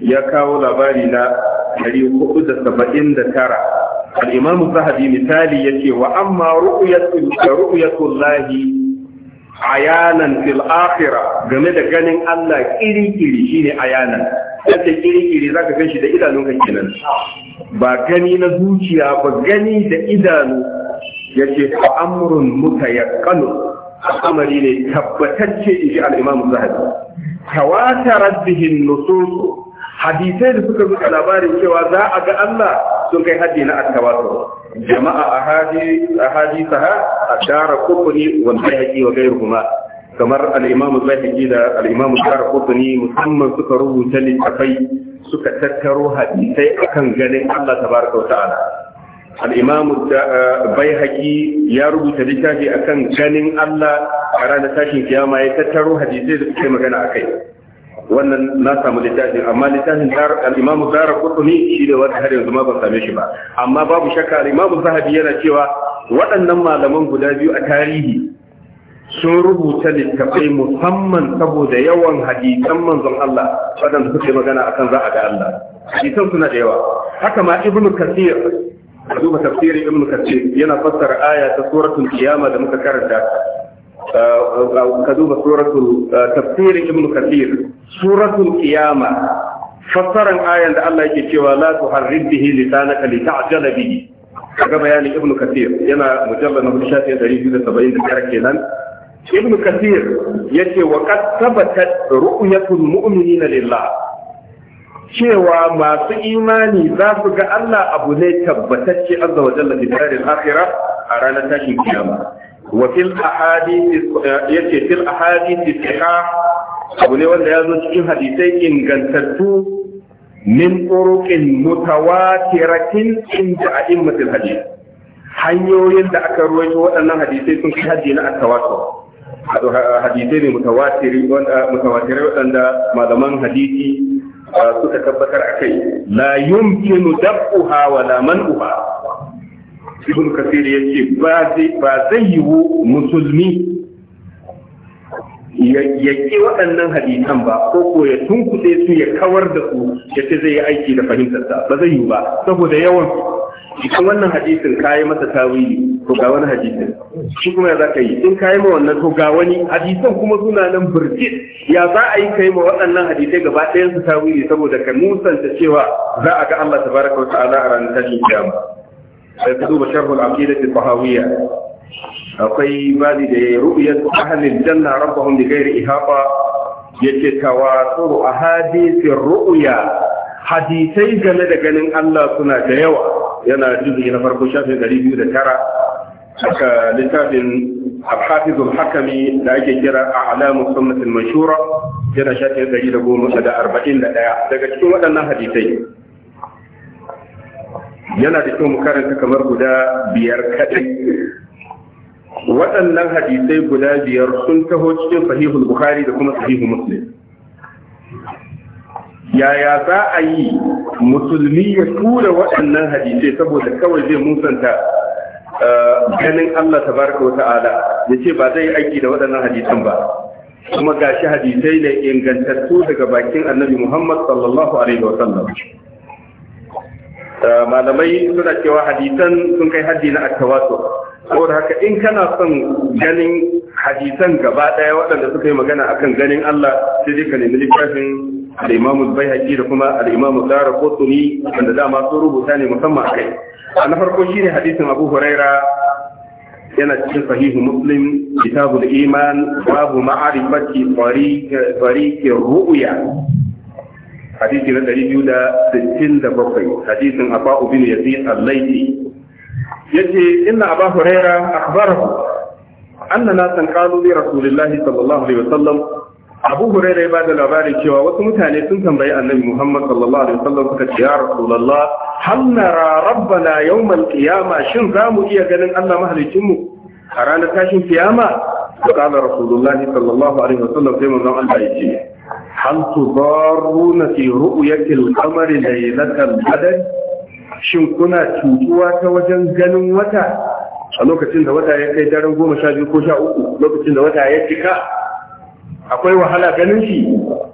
A: ya kawo labari na 479 al-imam zahabi misali ce wa amma ru'yatul ru'yatul lahi ayanan fil akhirah game da ganin Allah kiri-kiri shine ayanan yadda kiri-kiri zaka ganshi da idanunka kenan ba gani na zuciya ba gani da idanu ya ce fa'amurin muka ya kano al'amari ne tabbatacce in ji al'imamu zahabi tawatarar bihin nususu hadisai da suka zuka labarin cewa za a ga Allah sun kai haddi na attawasu jama'a a Haji Saha a shara kufuri wanda ya haƙi wa gairu kuma kamar al'imamu zahiki da al'imamu shara kufuri musamman suka rubuta littafai suka tattaro hadisai akan ganin Allah tabaraka wa ta'ala al'imamu uh, bai haƙi ya rubuta littafi akan ganin Allah a ranar tashin kiyama ya tattaro hadisai da suke magana a kai wannan na samu littafin amma littafin al'imamu zara kutumi shi da wata har yanzu ma ban same shi ba amma babu shakka al'imamu zahabi yana cewa waɗannan malaman guda biyu a tarihi sun rubuta littafai musamman saboda yawan hadisan manzon Allah waɗanda suke magana akan za a ga Allah hadisan suna da yawa haka ma ibnu kasir ka duba tafsirin ibn kasir yana fassara aya ta suratul qiyama da muka karanta uh, uh, ka duba suratul uh, tafsirin ibn kasir suratul qiyama fassaran ayan da Allah yake cewa la tuharrib bihi lisanaka lita'jala bihi kaga bayanin ibn kasir yana mujallal na 1979 kenan ibn kasir yace wa qad tabatat ru'yatul mu'minina lillah cewa masu imani za su ga Allah abu ne tabbatacce azza wa jalla bidarin akhirah a ranar tashin kiyama wa fil ahadith yace fil ahadith sahih abu ne wanda ya zo cikin hadisai ingantattu min turuqin mutawatiratin inda a'immatul hadith hanyoyin da aka ruwaito waɗannan hadisai sun kai haji na at hadisai ne mutawatirai waɗanda malaman hadisi suka tabbatar a kai la yumkinu dab'uha wa la man'uha ibn kasir yace ba zai ba zai yiwu musulmi ya ki waɗannan hadisan ba ko ko ya tunkuɗe su ya kawar da su ya ce zai yi aiki da fahimtarsa ba zai yiwu ba saboda yawan shi wannan hadisin kayi masa tawili to ga wani hadisi shi kuma ya za ka yi in ka yi ma wannan to ga wani hadisan kuma suna nan birki ya za a yi kai yi ma waɗannan hadisai gaba ɗayan su tawili saboda ka musanta cewa za a ga Allah tabaraka wa ta'ala a ranar tashin kiyama sai ka duba sharhul aqidati tahawiyya akwai bani da ru'yat ahlil janna rabbahum bi ghairi ihata yake tawatur ahadithir ru'ya hadisai game da ganin Allah suna da yawa yana juzu na farko shafin ɗari biyu da tara haka littafin الحافظ الحكمي da ake kira a alamun sunnatin mashura yana shafin ɗari da goma da arba'in da ɗaya daga cikin waɗannan hadisai yana da kyau mu karanta kamar guda biyar kaɗai waɗannan hadisai guda biyar sun taho cikin sahihul bukhari da kuma sahihu muslim yaya za a yi musulmi ya tura waɗannan hadisai saboda kawai zai musanta ganin Allah ta baraka wa ta'ala ce ba zai yi aiki da waɗannan hadisan ba kuma gashi hadisai ne ingantattu daga bakin Annabi Muhammad sallallahu alaihi wa sallam eh, malamai suna cewa hadisan sun kai haddi na attawasu saboda haka in kana son ganin hadisan gaba ɗaya waɗanda suka yi magana akan ganin Allah sai dai ka nemi littafin al-imam al-baihaqi da kuma al-imam ad-darqutni wanda dama sun rubuta ne musamman kai. A na farko shi ne hadisin abu huraira yana cikin sahihu muslim kitabul iman babu ma'arifati tariqi ru'ya hadisi na 267 hadisin abu bin yazid al-laiti yace inna abu huraira akhbarahu anna nasan qalu li rasulillahi sallallahu alaihi wasallam abu hurairah ba da labarin cewa wasu mutane sun tambayi annabi muhammad sallallahu alaihi wasallam suka ce ya rasulullah hal nara rabbana yawmal qiyama shin za mu iya ganin allah mahalicin mu a ranar tashin kiyama qala rasulullah sallallahu alaihi wasallam sai manzon allah ya ce hal tudarruna fi ru'yati al-qamari laylatal qadr shin kuna cutuwa ta wajen ganin wata a lokacin da wata ya kai daren goma sha biyu ko sha uku lokacin da wata ya cika akwai wahala ganin shi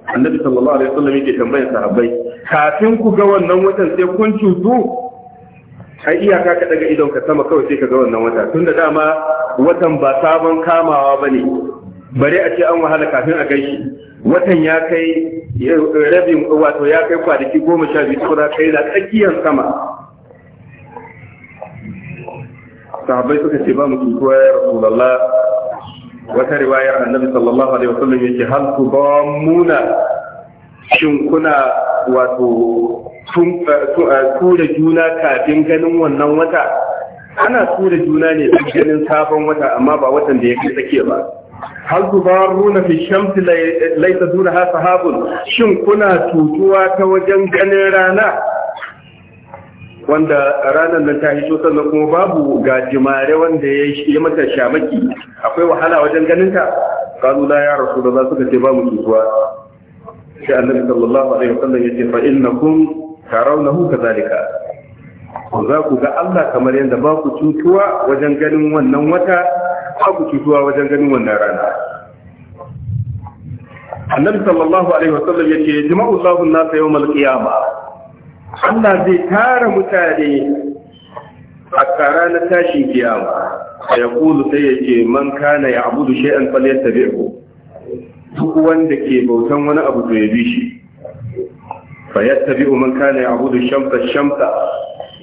A: annabi sallallahu alaihi wasallam yake tambayar sahabbai kafin ku ga wannan watan sai kun cutu ai iyaka ka daga idon ka sama kawai sai ka ga wannan wata tunda dama watan ba sabon kamawa bane bare a ce an wahala kafin a gaishe watan ya kai rabin wato ya kai kwanaki goma sha biyu saboda kai da tsakiyar sama sahabbai suka ce ba mu cutuwa ya rasulullah wata riwayar annabi sallallahu alaihi wasallam yake hal muna shin kuna wato eh, tura juna kafin ganin wannan wata ana tura juna ne don ganin sabon wata amma ba watan da ya kai tsakiya ba hal Muna fi shamsi laysa ha sahabun shin kuna tutuwa ta wajen ganin rana wanda ranar nan ta hito sannan kuma babu gajimare wanda ya yi mata shamaki akwai wahala wajen ganin ta kalu la ya rasu da za su kace ba mu tutuwa sai annabi sallallahu alaihi wasallam ya ce fa innakum tarawnahu kadhalika za ku ga Allah kamar yadda ba ku cutuwa wajen ganin wannan wata ba ku cutuwa wajen ganin wannan rana annabi sallallahu alaihi wasallam ya ce jama'u Allahu an-nasa yawmal qiyamah Allah zai tara mutane a tsara na tashin kiyama a ya kulu sai ya ce man kana ya abudu shay'an falyar tabi ku duk wanda ke bautan wani abu to ya bi shi fa yattabi man kana ya abudu shamsa shamsa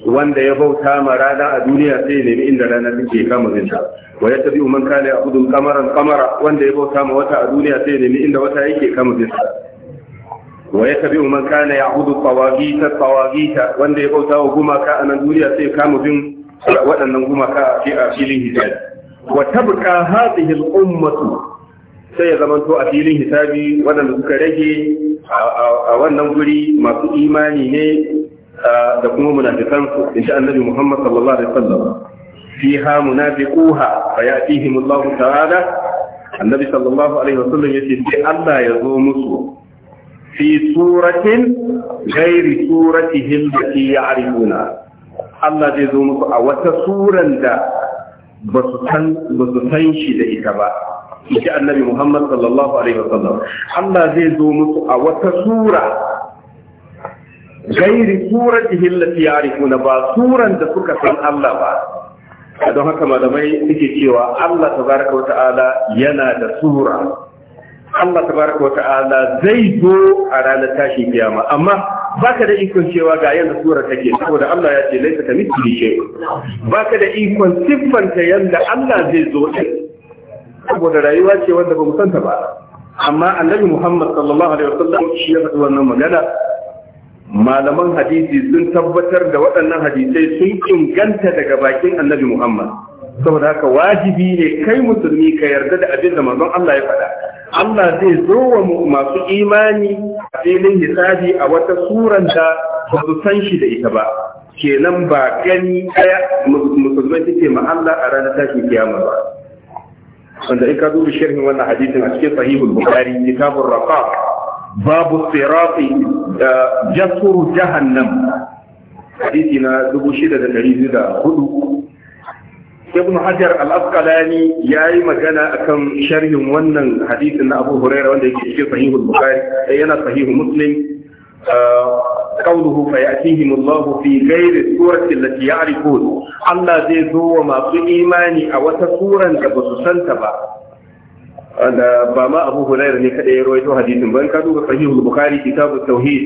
A: wanda ya bauta ma rana a duniya sai nemi inda rana take kama zinta wa tabi man kana ya abudu qamaran qamara wanda ya bauta ma wata a duniya sai nemi inda wata yake kama
B: zinta wa
A: ya tabi man kana ya'budu tawagita tawagita wanda ya bauta wa gumaka a nan duniya sai kama bin waɗannan gumaka a fi a filin hisabi wa tabqa hadhihi al-ummatu sai ya zamanto a filin hisabi waɗanda suka rage a wannan guri masu imani ne da kuma munafikan su insha annabi Muhammad sallallahu alaihi wasallam fiha munafiquha fa ya'tihim Allah ta'ala annabi sallallahu alaihi wasallam yace sai Allah ya zo musu fi suratin gairi suratihim da ke ya'rifuna Allah zai zo musu a wata suran da ba su san shi da ita ba ji annabi Muhammad sallallahu alaihi wasallam Allah zai zo musu a wata sura gairi surati suratihi allati ya'rifuna ba suran da suka san Allah ba don haka malamai suke cewa Allah tabaraka wa ta'ala yana da sura Allah tabaraka wa ta'ala zai zo a ranar tashi kiyama amma baka da ikon cewa ga yanda sura take saboda Allah ya ce laisa kamithli shay baka da ikon siffanta yanda Allah zai zo saboda rayuwa ce wanda bamu santa ba amma annabi Muhammad sallallahu alaihi wasallam shi ya faɗi wannan magana malaman hadisi sun tabbatar da waɗannan hadisai sun inganta daga bakin annabi Muhammad saboda haka wajibi ne kai musulmi ka yarda da abin da manzon Allah ya faɗa Allah zai zo wa masu imani a filin hisabi a wata suran da ba su san shi da ita ba kenan ba gani daya musulmai suke ma Allah a ranar tashin kiyama ba wanda in ka duba sharhin wannan hadisin a cikin sahihul bukhari kitabur raqaq babu sirati jasur jahannam hadisi na hudu. ibn hajar al-asqalani yayi magana akan sharhin wannan hadisin na abu hurairah wanda yake cikin sahihul bukhari yana sahihu muslim قوله فيأتيهم الله في غير السورة التي يعرفون الله زي زو ما في إيماني أو تسورا كبسوسان تبا أنا بما أبو هريرة نكاد يرويته حديث بان كانوا صحيح البخاري كتاب التوحيد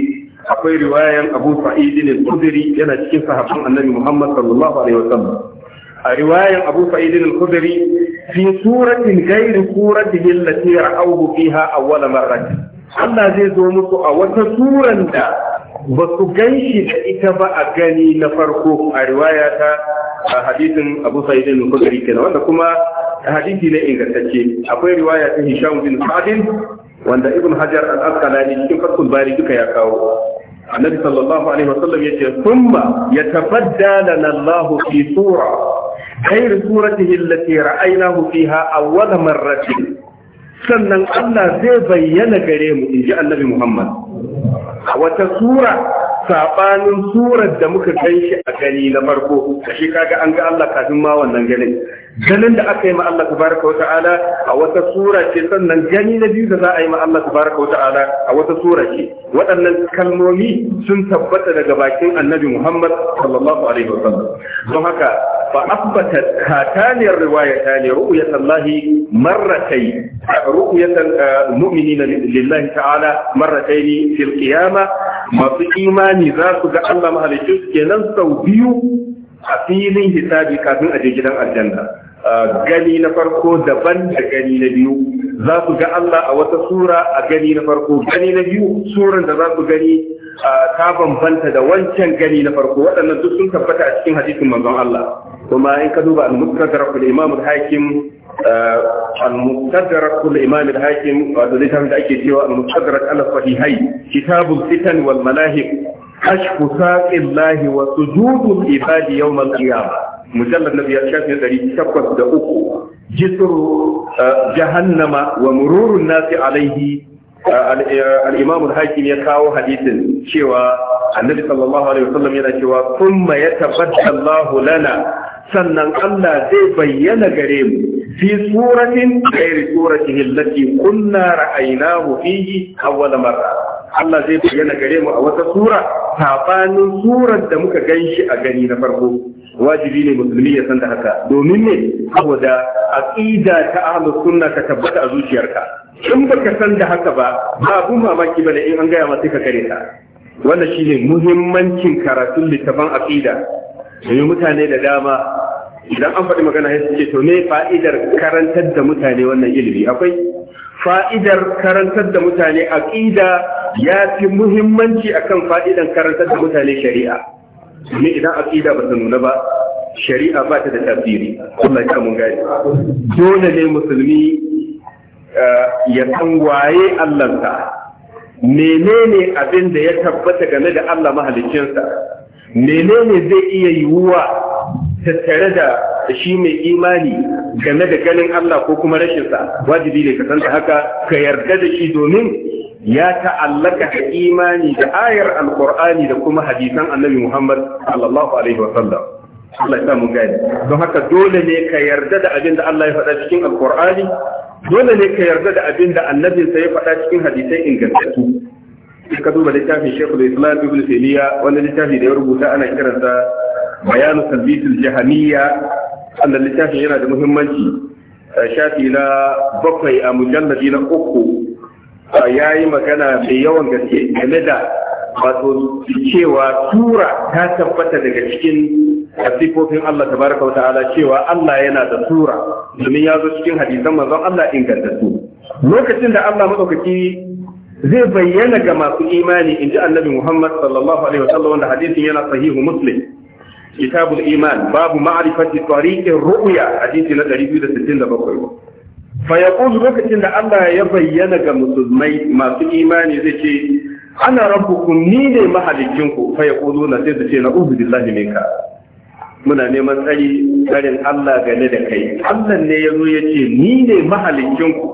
A: أقول رواية أبو سعيد الخدري أنا شكين صحابة النبي محمد صلى الله عليه وسلم a riwayan abu fa'idin al-khudri fi suratin gairi suratihi allati ra'awhu fiha awwala marrati Allah zai zo musu a wata suran da ba su ganshi da ita ba a gani na farko a riwaya ta a hadisin Abu Sa'id al-Khudri kenan wanda kuma hadisi ne ingantacce akwai riwaya ta Hisham bin Sa'id wanda Ibn Hajar al-Asqalani cikin Fathul Bari duka ya kawo annabi sallallahu alaihi wasallam yace thumma yatabaddalu Allahu fi sura غير صورته التي hufiha a أول مرة sannan Allah zai bayyana gare mu in ji annabi Muhammad a wata sura saɓanin surar da muka kai shi a gani na farko da shi kaga an ga Allah kafin ma wannan ganin ganin da aka yi ma Allah tabaraka wa ta'ala a wata sura ce sannan gani na biyu da za a yi ma Allah tabaraka wa ta'ala a wata sura ce waɗannan kalmomi sun tabbata daga bakin annabi Muhammad sallallahu alaihi wasallam don haka fa asbata kataniyar riwaya ta ne ru'yat Allah marratay ru'yat uh, mu'minina lillahi ta'ala fil masu imani za su ga Allah mahalicci kenan sau biyu a filin hisabi kafin a je gidan aljanna gani na farko daban da gani na biyu za su ga Allah a wata sura a gani na farko gani na biyu surar da za su gani ta bambanta da wancan gani na farko waɗannan duk sun tabbata a cikin hadisin manzon Allah kuma in ka duba al-mustadrak al-imam al-hakim al-mustadrak al-imam al-hakim wato littafin da ake cewa al-mustadrak al-sahihai kitabul fitan wal malahib kashfu saqin lahi wa sujudul ibadi yawm al-qiyamah mujallad nabi ya shafi 803 jisru jahannama wa mururun nasi alaihi al hakimi hakim ya kawo hadisin cewa annabi sallallahu alaihi wasallam yana cewa ya yatabatta Allahu lana sannan Allah zai bayyana gare mu fi suratin ghairi suratihi allati kunna ra'aynahu fihi awwal marra Allah zai bayyana gare mu a wata sura sabanin surar da muka ganshi a gani na farko wajibi ne musulmi ya san da haka domin ne saboda aqida ta ahlus sunna ka tabbata a zuciyarka in baka san da haka ba ba mamaki mamaki bane in an gaya ma sai ka kare ta wannan shine muhimmancin karatun littafan aqida yayin mutane da dama idan an faɗi magana sai ce to me fa'idar karantar da mutane wannan ilimi akwai fa'idar karantar da mutane aqida ya fi muhimmanci akan fa'idan karantar da mutane shari'a domin idan aqida ba ta nuna ba shari'a ba ta da tasiri Allah ya mun gani dole ne musulmi eh, ya san waye Allahnsa menene abin da ya tabbata game da Allah mahalicinsa menene zai iya yiwuwa tattare da shi mai imani game da ganin Allah ko kuma rashinsa wajibi ne ka san haka ka yarda da shi domin ya ta'allaka da imani da ayar alqur'ani da kuma hadisan annabi Muhammad sallallahu alaihi wasallam Allah ya mu gani don haka dole ne ka yarda da abin da Allah ya faɗa cikin alqur'ani dole ne ka yarda da abin da annabin sa ya faɗa cikin hadisai ingantattu ka duba littafin Sheikhul Islam Ibn Taymiyyah wannan littafi da ya rubuta ana kiransa Bayanu Talbisul Jahamiyya wannan littafin yana da muhimmanci shafi na bakwai a mujalladi na uku ya yi magana mai yawan gaske game da wato cewa tura ta tabbata daga cikin sifofin Allah tabaraka wa ta'ala cewa Allah yana da tura domin ya zo cikin hadisan manzon Allah su. lokacin da Allah madaukaki zai bayyana ga masu imani inji annabi Muhammad sallallahu alaihi sallam, wanda hadisin yana sahihu muslim kitabul iman babu ma'rifati tariqir ru'ya hadisi na 267 fayaqulu lokacin da Allah ya bayyana ga musulmai masu imani zai ce ana rabbukum ni ne mahalicinku fayaqulu na sai su ce na uzu billahi minka muna neman tsari tsarin Allah game da kai Allah ne ya zo ya ce ni ne mahalicinku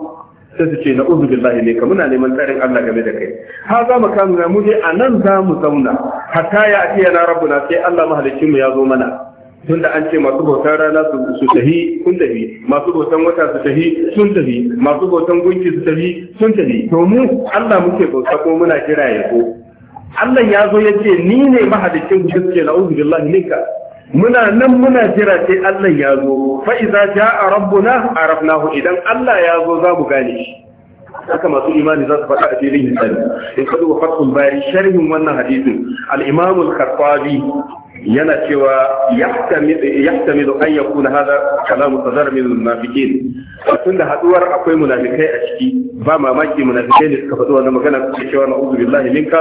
A: sai su ce na uzu billahi minka muna neman tsarin Allah game da kai ha za mu kanu na mu je a nan za mu zauna hatta ya atiya na rabbuna sai Allah mahalicinmu ya zo mana tunda an ce masu bautan rana su tafi sun tafi masu bautan wata su tafi sun tafi masu bautan gunki su tafi sun tafi to mu Allah muke bauta ko muna kira yabo Allah ya zo ya ce ni ne mahalicin ku suke uzu billahi minka muna nan muna jira sai Allah ya zo fa iza jaa rabbuna arafnahu idan Allah ya zo za mu gane shi haka masu imani za su faɗa a filin hisabi in ka duba fatkun bayan sharhin wannan hadisin Al'imamul imam yana cewa yahtami da an yaku na hada kalamu tazar min munafiqin tun da haduwar akwai munafikai a ciki ba mamaki munafikai ne suka faɗi wannan magana suke cewa na uzu billahi minka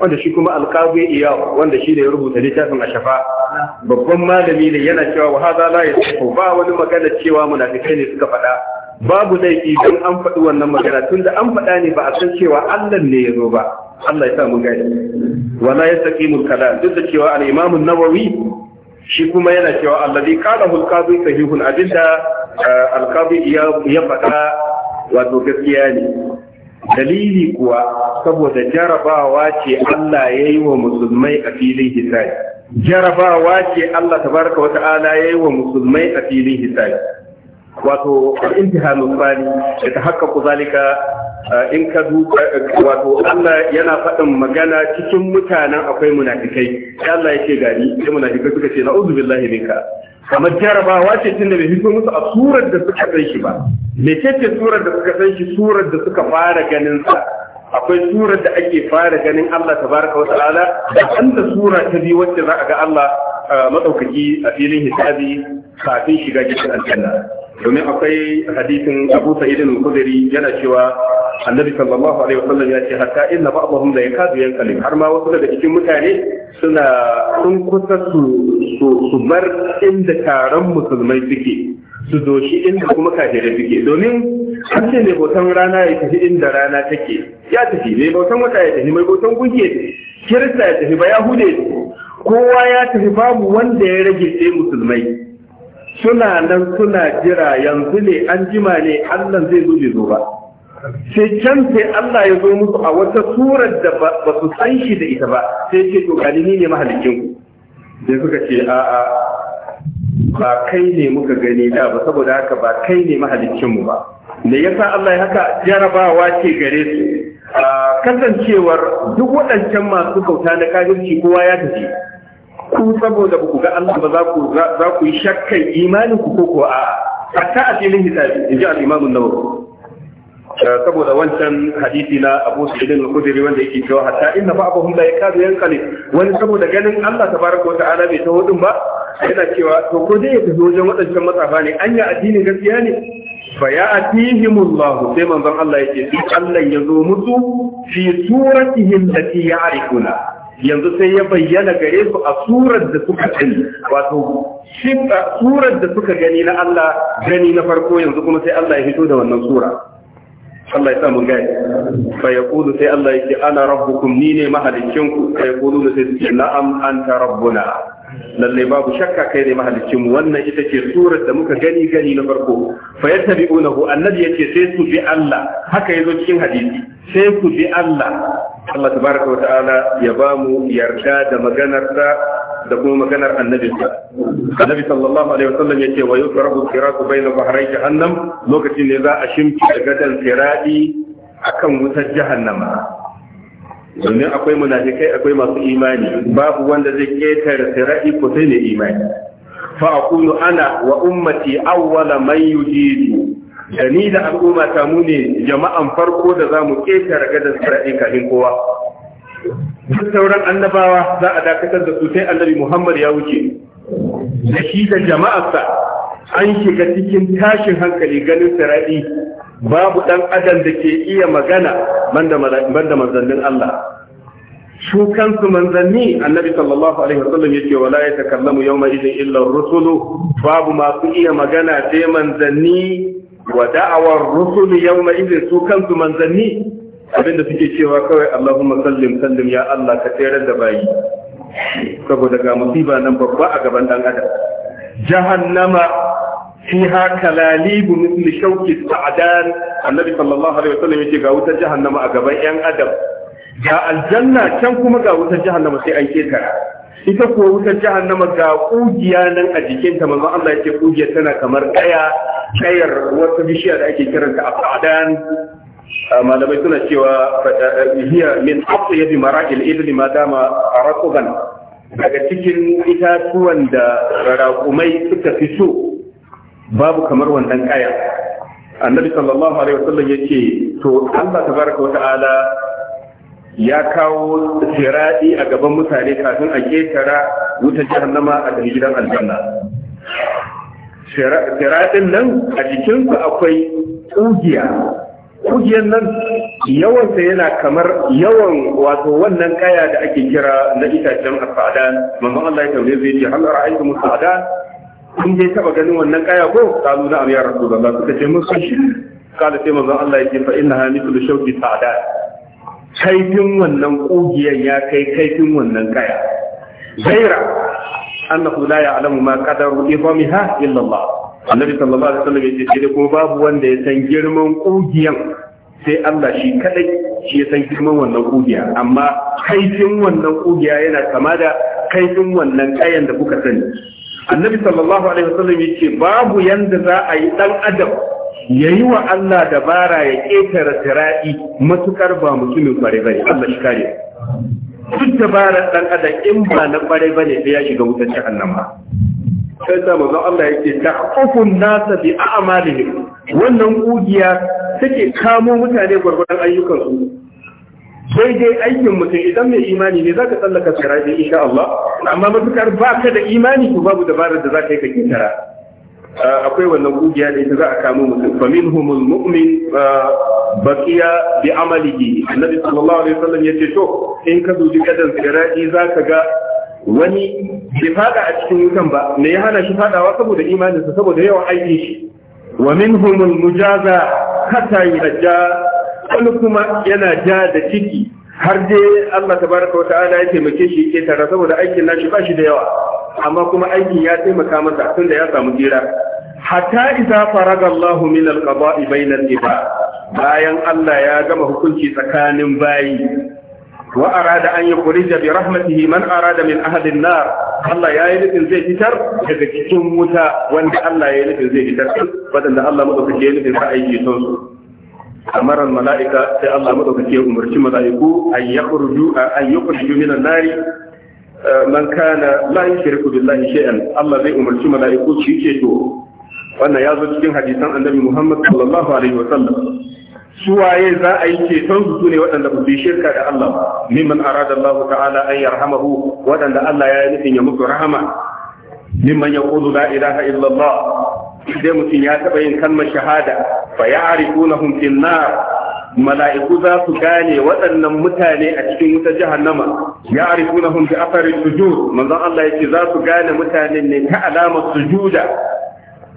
A: wanda shi kuma alqabi iya wanda shi da ya rubuta littafin shafa. babban malami ne yana cewa wa hada la yasafu ba wani magana cewa munafikai ne suka faɗa babu laifi don an faɗi wannan magana tun da an faɗa ne ba a san cewa Allah ne ya zo ba Allah ya sa mu gani wala yastaqimul kalam duk da cewa al-Imam an-Nawawi shi kuma yana cewa alladhi qala al-qadi sahihun abinda eh, al-qadi ya faɗa wato gaskiya ne dalili kuwa saboda jarabawa ce Allah ya yi wa musulmai a filin hisabi jarabawa ce Allah tabaraka wa ta'ala ya yi wa musulmai a filin hisabi wato al-imtihanu tsani da ta haka ku zalika uh, in ka duka uh, wato Allah yana faɗin magana cikin mutanen akwai munafikai sai Allah yake gari sai munafikai suka ce na'udhu billahi minka kamar jarabawa ce tunda da bai fito musu a surar da suka san shi ba mecece surar da suka san shi surar da suka fara ganin sa akwai surar da ake fara ganin Allah tabaraka wa ta'ala da wanda sura ta biyu wacce za a ga Allah uh, madaukaki a filin hisabi kafin shiga cikin aljanna domin akwai hadisin Abu sa'idin al yana cewa Annabi sallallahu alaihi wasallam ya ce hatta inna ba'dahum la yakadu yankali har ma wasu daga cikin mutane suna sun kusa su su bar inda taron musulmai suke su doshi inda kuma kafirai suke domin an ce mai bautan rana ya tafi inda rana take ya tafi mai bautan wata ya tafi mai bautan gunki ya tafi kirista ya tafi ba yahude kowa ya tafi babu wanda ya rage sai musulmai suna nan suna jira yanzu ne an jima ne Allah zai zo bai zo ba sai can sai Allah ya zo musu a wata surar da ba su san shi da ita ba sai ce to galini ne mahallikin ku sai suka ce a a ba kai ne muka gani da ba saboda haka ba kai ne mahallikin mu ba me yasa Allah ya haka jarabawa ce gare su kasancewar duk waɗancan masu kauta na kafirci kowa ya tafi ku saboda ba ku ga Allah ba za ku yi shakkan imanin ku ko a hatta a filin hisabi in ji al-Imam an saboda wancan hadisi na Abu Sa'id al wanda yake cewa hatta inna ba'dahum la yakadu yanqali wani saboda ganin Allah tabaraka wa ta'ala bai taho din ba yana cewa to ko dai ya tafi wajen wadancan matsafa ne anya addini gaskiya ne fa ya atihimullahu sai manzon Allah yake sai Allah ya zo musu fi suratihim lati ya'rifuna yanzu sai ya bayyana gare su a surar da suka gani wato a surar da suka gani na Allah gani na farko yanzu kuma sai Allah ya fito da wannan sura Allah ya samu gani fa yaqulu sai Allah yake ana rabbukum ni ne kudu sai yaqulu sai na'am anta rabbuna lalle babu shakka kai ne mahalicin mu wannan ita ce surar da muka gani gani na farko fa yattabi'unahu annabi yace sai su bi Allah haka yazo cikin hadisi sai su bi Allah Allah tabaraka wa ta'ala ya ba mu yarda da maganar sa da kuma maganar annabi sa annabi sallallahu alaihi wasallam yace wa yusrabu bahrayn jahannam lokacin ne za a shimfi da gadan akan wutar jahannama domin akwai munafikai akwai masu imani babu wanda zai ƙetare sirai ko sai ne imani fa aqulu ana wa ummati awwala man yujidu da ni da al'umma ta mu ne jama'an farko da zamu ƙetare gadan sirai kafin kowa duk sauran annabawa za a dakatar da su sai annabi Muhammad ya wuce da shi da jama'arsa an shiga cikin tashin hankali ganin sirai babu dan adam da ke iya magana banda manzannin Allah su kansu manzanni annabi sallallahu alaihi wasallam yake wala ya takallamu yawma idin illa rusulu babu masu iya magana sai manzanni wa da'awar rusul yawma idin su kansu manzanni abinda suke cewa kawai Allahumma sallim sallim ya Allah ka tsere da bayi saboda ga musiba nan babba a gaban dan adam jahannama fiha kalalibu mithlu shawki sa'dan annabi sallallahu alaihi wasallam yace ga wutar jahannama a gaban yan adam ga aljanna can kuma ga wutar jahannama sai an ketara ita kuwa wutar jahannama ga ƙugiya nan a jikinta manzon Allah yake kugiyar tana kamar kaya kayar wata bishiya da ake kiranta a sa'dan malamai suna cewa hiya min aqyab mara'il ibli ma dama arakuban daga cikin itatuwan da raƙumai suka fi so babu kamar wannan kaya annabi sallallahu alaihi wasallam yace to Allah tabaraka wa ta'ala ya kawo siradi a gaban mutane kafin a ketara wuta jahannama a cikin gidan aljanna siradin nan a su akwai kugiya kugiyan nan yawansa yana kamar yawan wato wannan kaya da ake kira na itacen asadan Mamman Allah ya tambaye zai ce hal ra'aytum asadan kun je taba ganin wannan kaya ko kalu na amya rasulullah suka ce mun san shi kala sai manzon Allah yake fa inna mithlu shawki ta'ada kaifin wannan kugiyan ya kai kaifin wannan kaya zaira annahu la ya'lamu ma qadaru idamiha illa Allah annabi sallallahu alaihi wasallam yake ce kuma babu wanda ya san girman kugiyan sai Allah shi kadai shi ya san girman wannan kugiya amma kaifin wannan kugiya yana kama da kaifin wannan kayan da kuka sani annabi sallallahu alaihi wasallam ce babu yanda za a yi dan adam yayi wa Allah dabara ya ketare tirai matukar ba mutumin kware bane Allah shi kare duk dabara dan adam in ba na kware bane sai ya shiga wutar jahannama sai da manzo Allah yake tahqufun nasa bi a'malihim wannan kugiya take kamo mutane gurgurdan ayyukansu Sai dai aikin mutum idan mai imani ne zaka tsallaka in sha Allah amma matukar baka da imani ko babu dabarar da za ka yi ka kintara akwai wannan kugiya da ita za a kamo mutum fa humul mu'min baqiya bi amalihi annabi sallallahu alaihi wasallam yace to in ka duji kadan za ka ga wani bai fada a cikin wutan ba me ya hana shi fadawa saboda imaninsa saboda yawan aiki shi wa minhumul mujaza hatta yajja wani kuma yana ja da ciki har je Allah tabaraka wata'ala ya taimake shi ke tara saboda aikin nashi ba shi da yawa amma kuma aikin ya taimaka masa da ya samu jira hatta idza faraga Allah min al-qada'i bainal ibad bayan Allah ya gama hukunci tsakanin bayi wa arada an yukhrija bi rahmatihi man arada min ahli an-nar Allah ya yi nufin zai fitar daga cikin wuta wanda Allah ya yi nufin zai fitar wadanda Allah madaukake ya nufin sa aiki sosai. amara mala'ika sai Allah madaukake umarci mala'iku ay yakhruju ay yukhriju min an-nari man kana la yushriku billahi shay'an Allah zai umarci mala'iku su yi to wannan ya zo cikin hadisan annabi Muhammad sallallahu alaihi wa sallam su waye za a yi ceton su ne waɗanda ba su shirka da Allah ba mimman arada Allah ta'ala an yarhamahu waɗanda Allah ya yi nufin ya mutu rahama mimman yaqulu la ilaha illallah sai mutum ya taɓa yin kalmar shahada fa ya arifunahum fil nar mala'iku za su gane waɗannan mutane a cikin wuta jahannama ya arifunahum bi athari sujud manzon Allah yake za su gane mutane ne ta alamar sujuda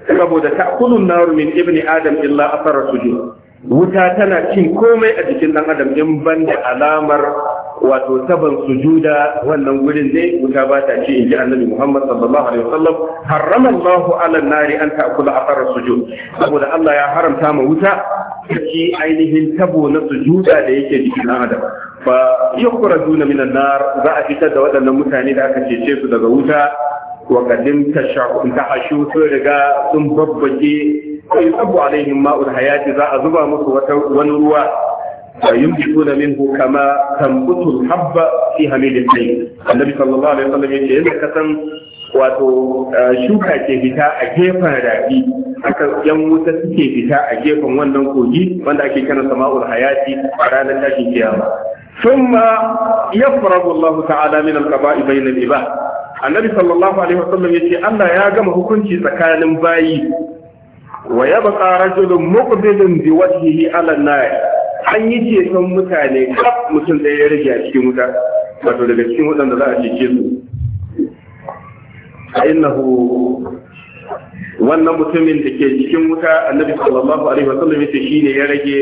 A: saboda ta nar min ibni adam illa athara sujud wuta tana cin komai a jikin dan adam in ban da alamar wato taban sujuda wannan gurin ne wuta ba ta ci inji annabi Muhammad sallallahu alaihi wasallam harrama Allah ala nari an ta a afar sujud saboda Allah ya haramta ma wuta ci ainihin tabo na sujuda da yake jikin dan adam fa yukhrajuna minan nar za a fitar da waɗannan mutane da aka cece su daga wuta wa kadin tashahu sun riga sun babbaje fa yusabbu alaihim ma'ul hayati za a zuba musu wata wani ruwa fa yumjiduna minhu kama tambutul habba fi hamidin tayyib annabi sallallahu alaihi wasallam yace yanda ka san wato eh, shuka ke fita a gefen rafi haka yan wuta suke fita a gefen wannan kogi wanda ake kiran sama'ul hayati a ranar tashin kiyama thumma yafragu Allah ta'ala min al-qaba'i bayna al-ibad annabi sallallahu alaihi wasallam yace Allah ya gama hukunci tsakanin bayi wa baka rajulun muqbilun bi wajhihi ala an-nar an yi ceton mutane kaf mutum ɗaya ya rage a cikin wuta wato daga cikin waɗanda za a cece su a innahu wannan mutumin da ke cikin wuta annabi sallallahu alaihi sallam yace shine ya rage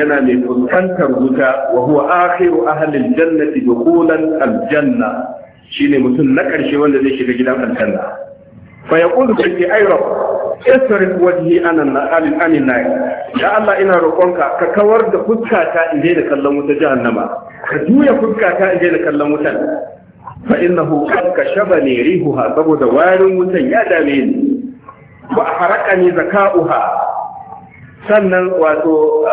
A: yana mai fuskantar wuta wa huwa akhiru ahli aljannati dukulan aljanna shine mutum na karshe wanda zai shiga gidan aljanna fa yaqulu fi ayrab isrif wajihi anan na ya Allah ina roƙonka ka kawar da fuskata in daina kallon wuta jahannama ka juya fuskata in daina kallon wutan fa innahu qad kashaba ni rihuha saboda warin wutan ya dame ni wa harakani zaka'uha sannan wato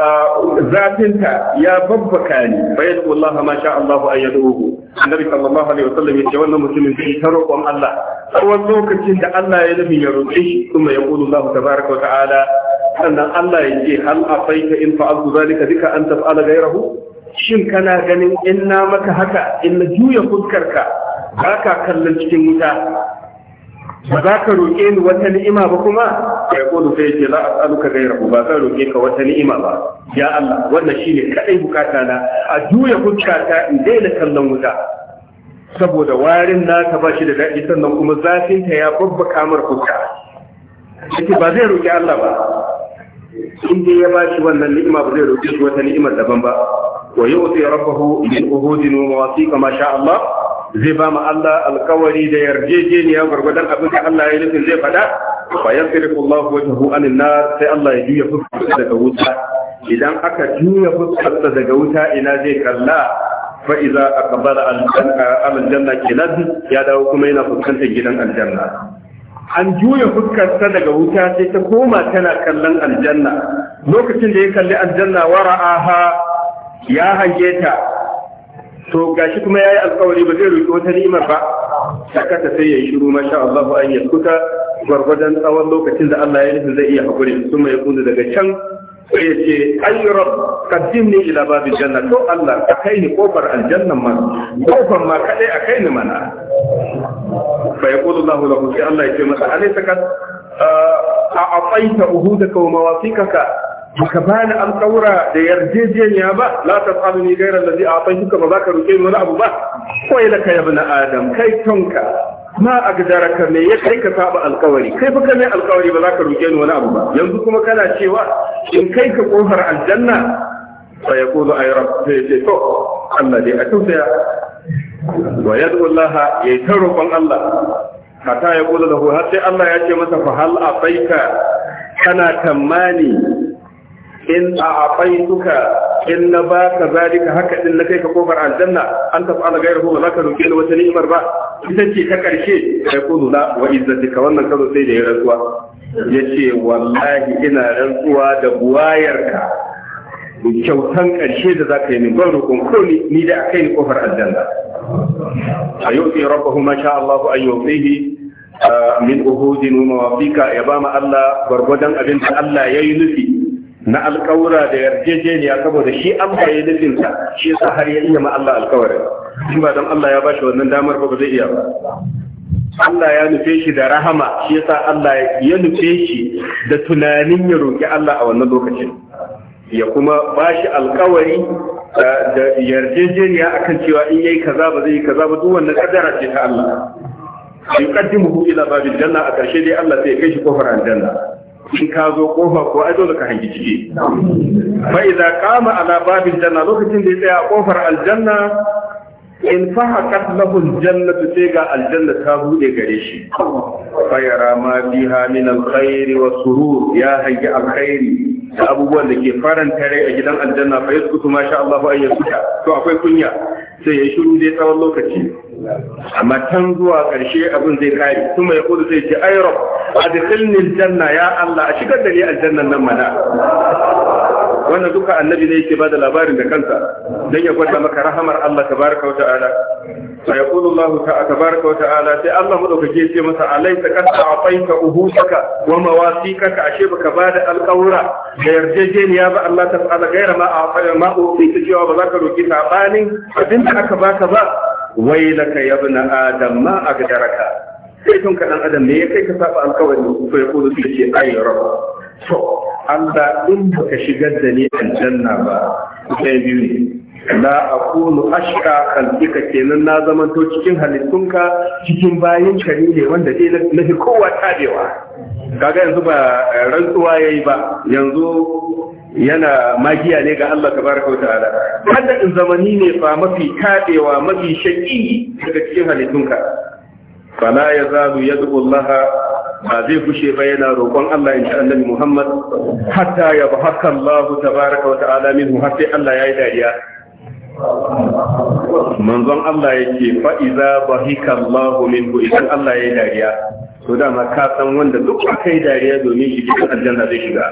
A: zafinta ya babbaka ni bayan Allah ma sha Allah an yad'uhu annabi sallallahu alaihi wasallam yace wannan mutumin sai ta roƙon Allah tsawon lokacin da Allah ya nufi ya roƙe shi kuma ya kula Allah tabaaraka wa ta'ala sannan Allah ya ce hal afaita in fa'altu zalika dika an taf'ala ghayrahu shin kana ganin in na maka haka in na juya fuskarka baka kallon cikin wuta ba za ka roƙe ni wata ni'ima ba kuma ya kodu sai ce tsaru ka gairahu ba zan roƙe ka wata ni'ima ba ya Allah wannan shi ne kaɗai bukata na a juya fuskata in daina kallon wuta saboda warin ta ba shi da daɗi sannan kuma zafin ta ya babba kamar fuska shi ba zai roƙi Allah ba in dai ya bashi wannan ni'ima ba zai roƙe shi wata ni'imar daban ba wa yu'ti rabbahu min uhudin wa wasiqa ma sha Allah zai ba Allah alkawari da yarjejeniya gwargwadon abin da Allah ya nufin zai faɗa fa yasrifu Allah wajhahu anin nar sai Allah ya juya fuskarsa daga wuta idan aka juya fuskarsa daga wuta ina zai kalla fa iza aqbala aljanna kenan ya dawo kuma yana fuskantar gidan aljanna an juya fuskarsa daga wuta sai ta koma tana kallon aljanna lokacin da ya kalli aljanna wara'aha ya hange ta to gashi kuma yayi alƙawari ba zai roki wata ni'imar ba sakata sai yayi shiru masha Allah an yaskuta gwargwadon tsawon lokacin da Allah ya nufi zai iya hakuri sun mai kunzu daga can sai ya ce ayyurab qaddimni ila babil janna to Allah ka kai ni kofar aljannan ma kofar ma kadai a kai ni mana fa yaqulu Allah lahu sai Allah ya ce masa alaysa ka a aqaita uhudaka wa mawafiqaka baka bani alƙawura da yarjejeniya ba la ta tsamu ni gairar da zai a tsayi ba za ka roƙe ni wani abu ba kawai da ya na adam kai tonka ma a ka me ya kai ka saba alƙawari kai fa kai alƙawari ba za ka roƙe ni wani abu ba yanzu kuma kana cewa in kai ka ƙofar aljanna fa yaqulu ay rabbi sai to Allah dai a tausaya wa ya yad'u Allah yayi ta roƙon Allah hatta ya kula da har sai Allah ya ce masa fa hal afaika kana tamani in a afaituka in na baka ka haka din na kai ka kofar aljanna an tafi gairu ko ka roƙe ni wata ni'imar ba ita ce ta karshe sai ku zula wa ka wannan karo sai da ya rantsuwa yace wallahi ina rantsuwa da buwayarka kyautan ƙarshe da za ka yi min ban roƙon ko ni da akai ni kofar aljanna a yau fi rabbahu ma sha Allah an yufihi ah, min uhudin wa mawafika ya ba ma Allah gwargwadon abin da Allah ya yi nufi na alƙawura da yarjejeniya saboda shi an baye nufin sa shi sa har ya iya ma Allah alkawarin. in ba don Allah ya bashi wannan damar ba zai iya ba Allah ya nufe shi da rahama shi yasa Allah ya nufe shi da tunanin ya roki Allah a wannan lokacin ya kuma bashi alƙawari da yarjejeniya akan cewa in yayi kaza ba zai yi kaza ba duk wannan kadara ce ta Allah yuqaddimuhu ila babil janna a ƙarshe dai Allah sai ya kai shi kofar aljanna in ka zo kofa ko ai dole ka hangi ciki fa idza qama ala babil janna lokacin da ya tsaya a kofar aljanna in fahaqat lahu aljannatu sai ga aljanna ta bude gare shi fa yara ma biha min alkhairi wa surur ya hayya alkhairi da abubuwan da ke faranta rai a gidan aljanna fa yaskutu ma sha Allah an yaskuta to akwai kunya sai ya shiru dai tsawon lokaci amma can zuwa ƙarshe abin zai kare kuma ya kudu zai ce ai a adkhilni janna ya Allah a shigar da ni aljannan nan mana wannan duka annabi ne yake bada labarin da kansa dan ya gwada maka rahamar Allah tabaraka wa ta'ala fa yaqulu Allah tabaraka wa ta'ala sai Allah madaukake ya ce masa alaysa qad a'tayka uhusaka wa mawasiqaka ashe baka bada alqawra da yarjejeniya ba Allah ta fa'ala gaira ma a'tayka ma uhusaka cewa ba za ka roki sabanin abinda aka baka ba wailaka ya ibn adam ma agdaraka sai tun ka dan adam ne ya kai ka saba alkawari to ya sai ce ayi rabb to Allah in baka shigar da ni aljanna ba sai biyu ne la aqulu ashqa khalqika kenan na zamanto cikin halittunka cikin bayin kare wanda dai na fi kowa tabewa kaga yanzu ba rantsuwa yayi ba yanzu yana magiya ne ga Allah tabaraka wa ta'ala Wanda in zamani ne fa mafi tabewa mafi shaki daga cikin halittunka fala ya zalu ya laha ba zai fushe ba yana roƙon Allah in ji annabi Muhammad hatta ya ba haka Allah tabaraka wa ta'ala minhu har sai Allah ya yi dariya manzon Allah yake fa iza bahika Allah minhu idan Allah ya yi dariya to dama ka san wanda duk aka yi dariya domin shi zai shiga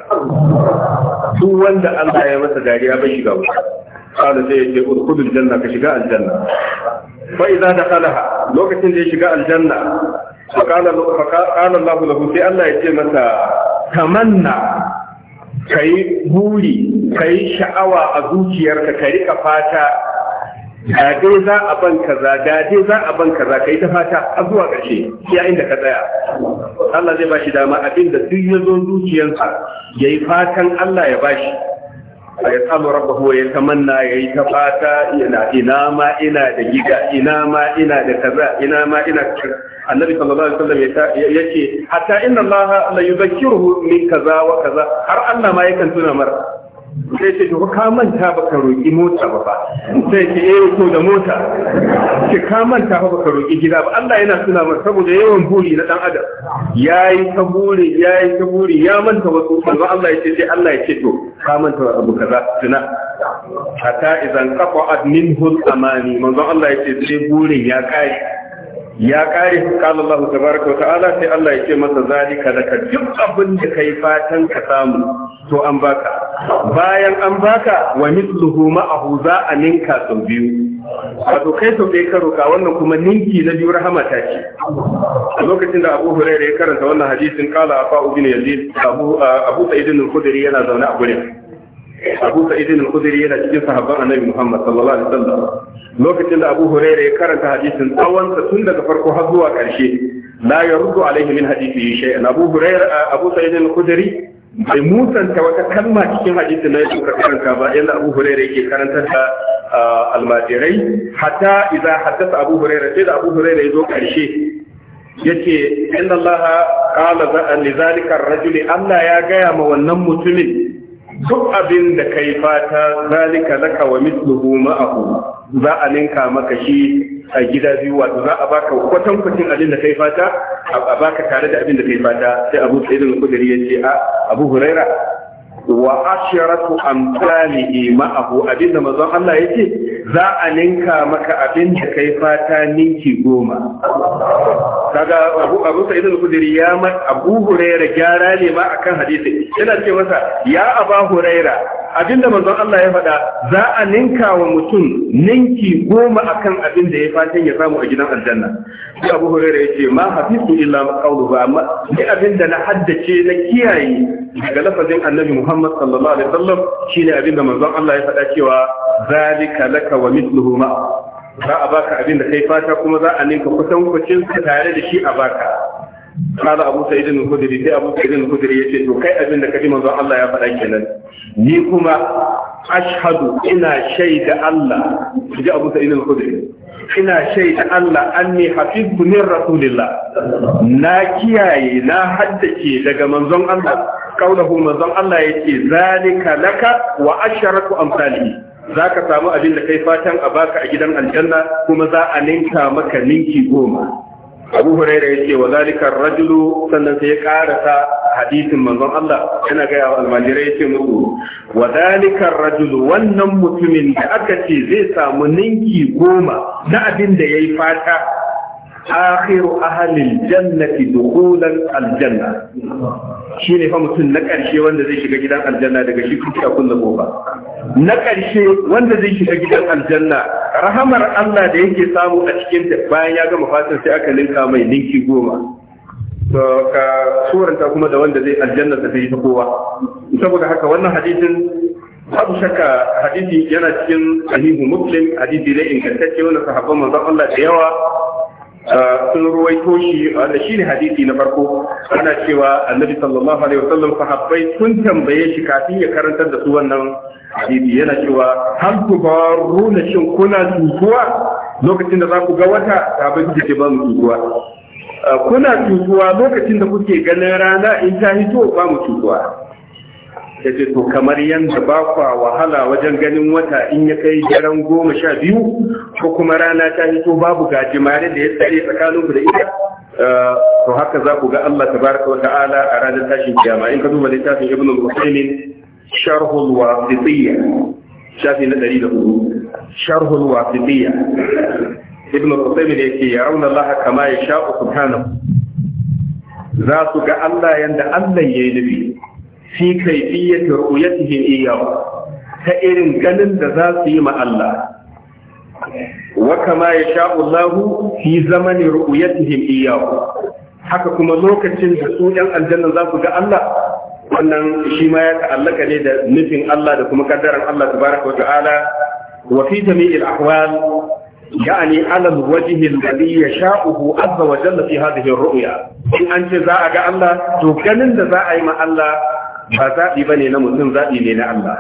A: wanda Allah ya masa dariya bai shiga kada sai ya ce udkhulul janna ka shiga aljanna fa idza dakhalaha lokacin da ya shiga aljanna fa qala Allah lahu sai Allah ya ce masa tamanna kai buri kai sha'awa a zuciyarka ka fata da dai za a ban kaza da dai za a ban kaza kai ta fata har zuwa ƙarshe ya inda ka tsaya Allah zai ba shi dama abinda duk ya zo zuciyarsa yayi fatan Allah ya bashi a ya samu rabbahu ya tamanna ya yi ta fata yana ina ma ina da giga ina ma ina da kaza ina ma ina annabi sallallahu alaihi wasallam ya ce hatta inna allaha la yuzakkiruhu min kaza wa kaza har Allah ma yakan tuna mara sai ce to ka manta baka roƙi mota ba ba sai ce eh ko da mota ce ka manta ba ka roƙi gida ba Allah yana suna mun saboda yawan buri na dan adam yayi ta buri yayi ta buri ya manta wasu manzo Allah ya ce sai Allah ya ce to ka manta abu kaza tuna hatta idan qata'at minhu al-amani manzo Allah ya ce sai burin ya kai ya kare kala Allah tabaraka wa ta'ala sai Allah ya ce masa zalika laka duk abin da kai fatan ka samu to an baka bayan an baka wa mithluhu ma'ahu za a ninka sau biyu wato kai sau ɗaya ka roka wannan kuma ninki na biyu rahama ta ce a lokacin da Abu Hurairah ya karanta wannan hadisin kala afa ibn Yazid Abu Abu Sa'id khudri yana zaune a gurin abu sa'idin al-khudri yana cikin sahabban annabi muhammad sallallahu alaihi wasallam lokacin da abu hurairah ya karanta hadisin tsawon tun daga farko har zuwa karshe la yaruddu alaihi min hadisi shay'an abu hurairah eh, abu sa'idin al-khudri bai musanta wata kalma cikin hadisin na yake karanta ba yanda abu hurairah yake karanta da eh, almajirai hatta idza haddatha abu hurairah sai da abu hurairah ya zo karshe yace inna allaha qala li zalika ar-rajuli Allah ya gaya ma wannan mutumin duk abin da kai fata zalika laka wa mithluhu ma'ahu za a ninka maka shi a gida biyu wato za a baka kwatan kwatin abin da kai fata a baka tare da abin da kai fata sai Abu Sa'id irin khudri yace a Abu Huraira wa asharatu amsali ma'ahu abinda mazan Allah yake za a ninka maka abin da kai fata ninki goma kaga Abu Abu Sa'id al-Khudri ya ma Abu Hurairah gyara ne ma akan hadisi yana ce masa ya Abu Hurairah abinda mazan Allah ya faɗa za a ninka wa mutum ninki goma akan abin da ya fatan ya samu a gidan aljanna sai Abu Hurairah ya ce ma hafizu illa ba amma ni abinda na haddace na kiyaye daga lafazin Annabi Muhammad Muhammad sallallahu alaihi wasallam shine abinda manzon Allah ya faɗa cewa zalika laka wa mithluhu ma za a baka abin da kai fata kuma za a ninka kusan kucin tare da shi a baka kada abu sa'id al khudri sai abu sa'id al khudri yace to kai kaji manzon Allah ya faɗa kenan ni kuma ashhadu ina shaida Allah ji abu sa'id al khudri ina shaida Allah anni hafiztu min rasulillah na kiyaye na haddace daga manzon Allah kaulahu manzon Allah yace zalika wa asharatu amsalihi za ka samu abin da kai fatan a baka a gidan aljanna kuma za a ninka maka ninki goma abu huraira ya ce wa zalika rajulu sannan sai ya karasa hadisin manzon Allah yana gaya wa almajirai ya ce musu wa zalika rajulu wannan mutumin da aka ce zai samu ninki goma na abin da yayi fata akhiru ahlil jannati dukhulan aljanna shine fa mutum na karshe wanda zai shiga gidan aljanna daga shi a kullu goba na karshe wanda zai shiga gidan aljanna rahamar Allah da yake samu a cikin ta bayan ya gama fatan sai aka linka mai linki goma to ka suranta kuma da wanda zai aljanna da yi ta kowa saboda haka wannan hadisin babu shakka hadisi yana cikin sahihu muslim hadisi ne ingantacce wanda sahabban manzon Allah da yawa sun ruwaito shi wanda shine hadisi na farko ana cewa annabi sallallahu alaihi wasallam sahabbai sun tambaye shi kafin ya karantar da su wannan hadisi yana cewa hal tubaruna shin kuna tutuwa lokacin da za ku ga wata sahabbai kuke ce ba mu tutuwa ah, kuna tutuwa lokacin da kuke ganin rana in ta hito ba mu tutuwa ya ce to kamar yadda ba kwa wahala wajen ganin wata in ya kai daren goma sha biyu ko kuma rana ta hito babu gajimare da ya tsare tsakaninku da ita eh, to haka za ku ga Allah tabaraka wa ta'ala a ranar tashin kiyama in ka duba littafin ibn al-Husayn sharhul wasitiyya shafi na 104 sharhul wasitiyya ibn al-Husayn yake ya rauna Allah kama ya sha'u subhanahu za su ga Allah yanda Allah yayi nufi fi kaifiyyati ru'yatihim iyyahu ta irin ganin da za su yi ma Allah wa kama yasha'u Allahu fi zamani ru'yatihim iyyahu haka kuma lokacin da su ɗan aljanna za su ga Allah wannan shi ma ya ta'allaka ne da nufin Allah da kuma kaddaran Allah tabaraka wa ta'ala wa fi jami'il ahwal يعني على الوجه الذي يشاءه عز وجل في هذه الرؤيا إن أنت ذا da الله تكلم ذا ma الله ba zaɓi ba ne na mutum zaɓi ne na Allah.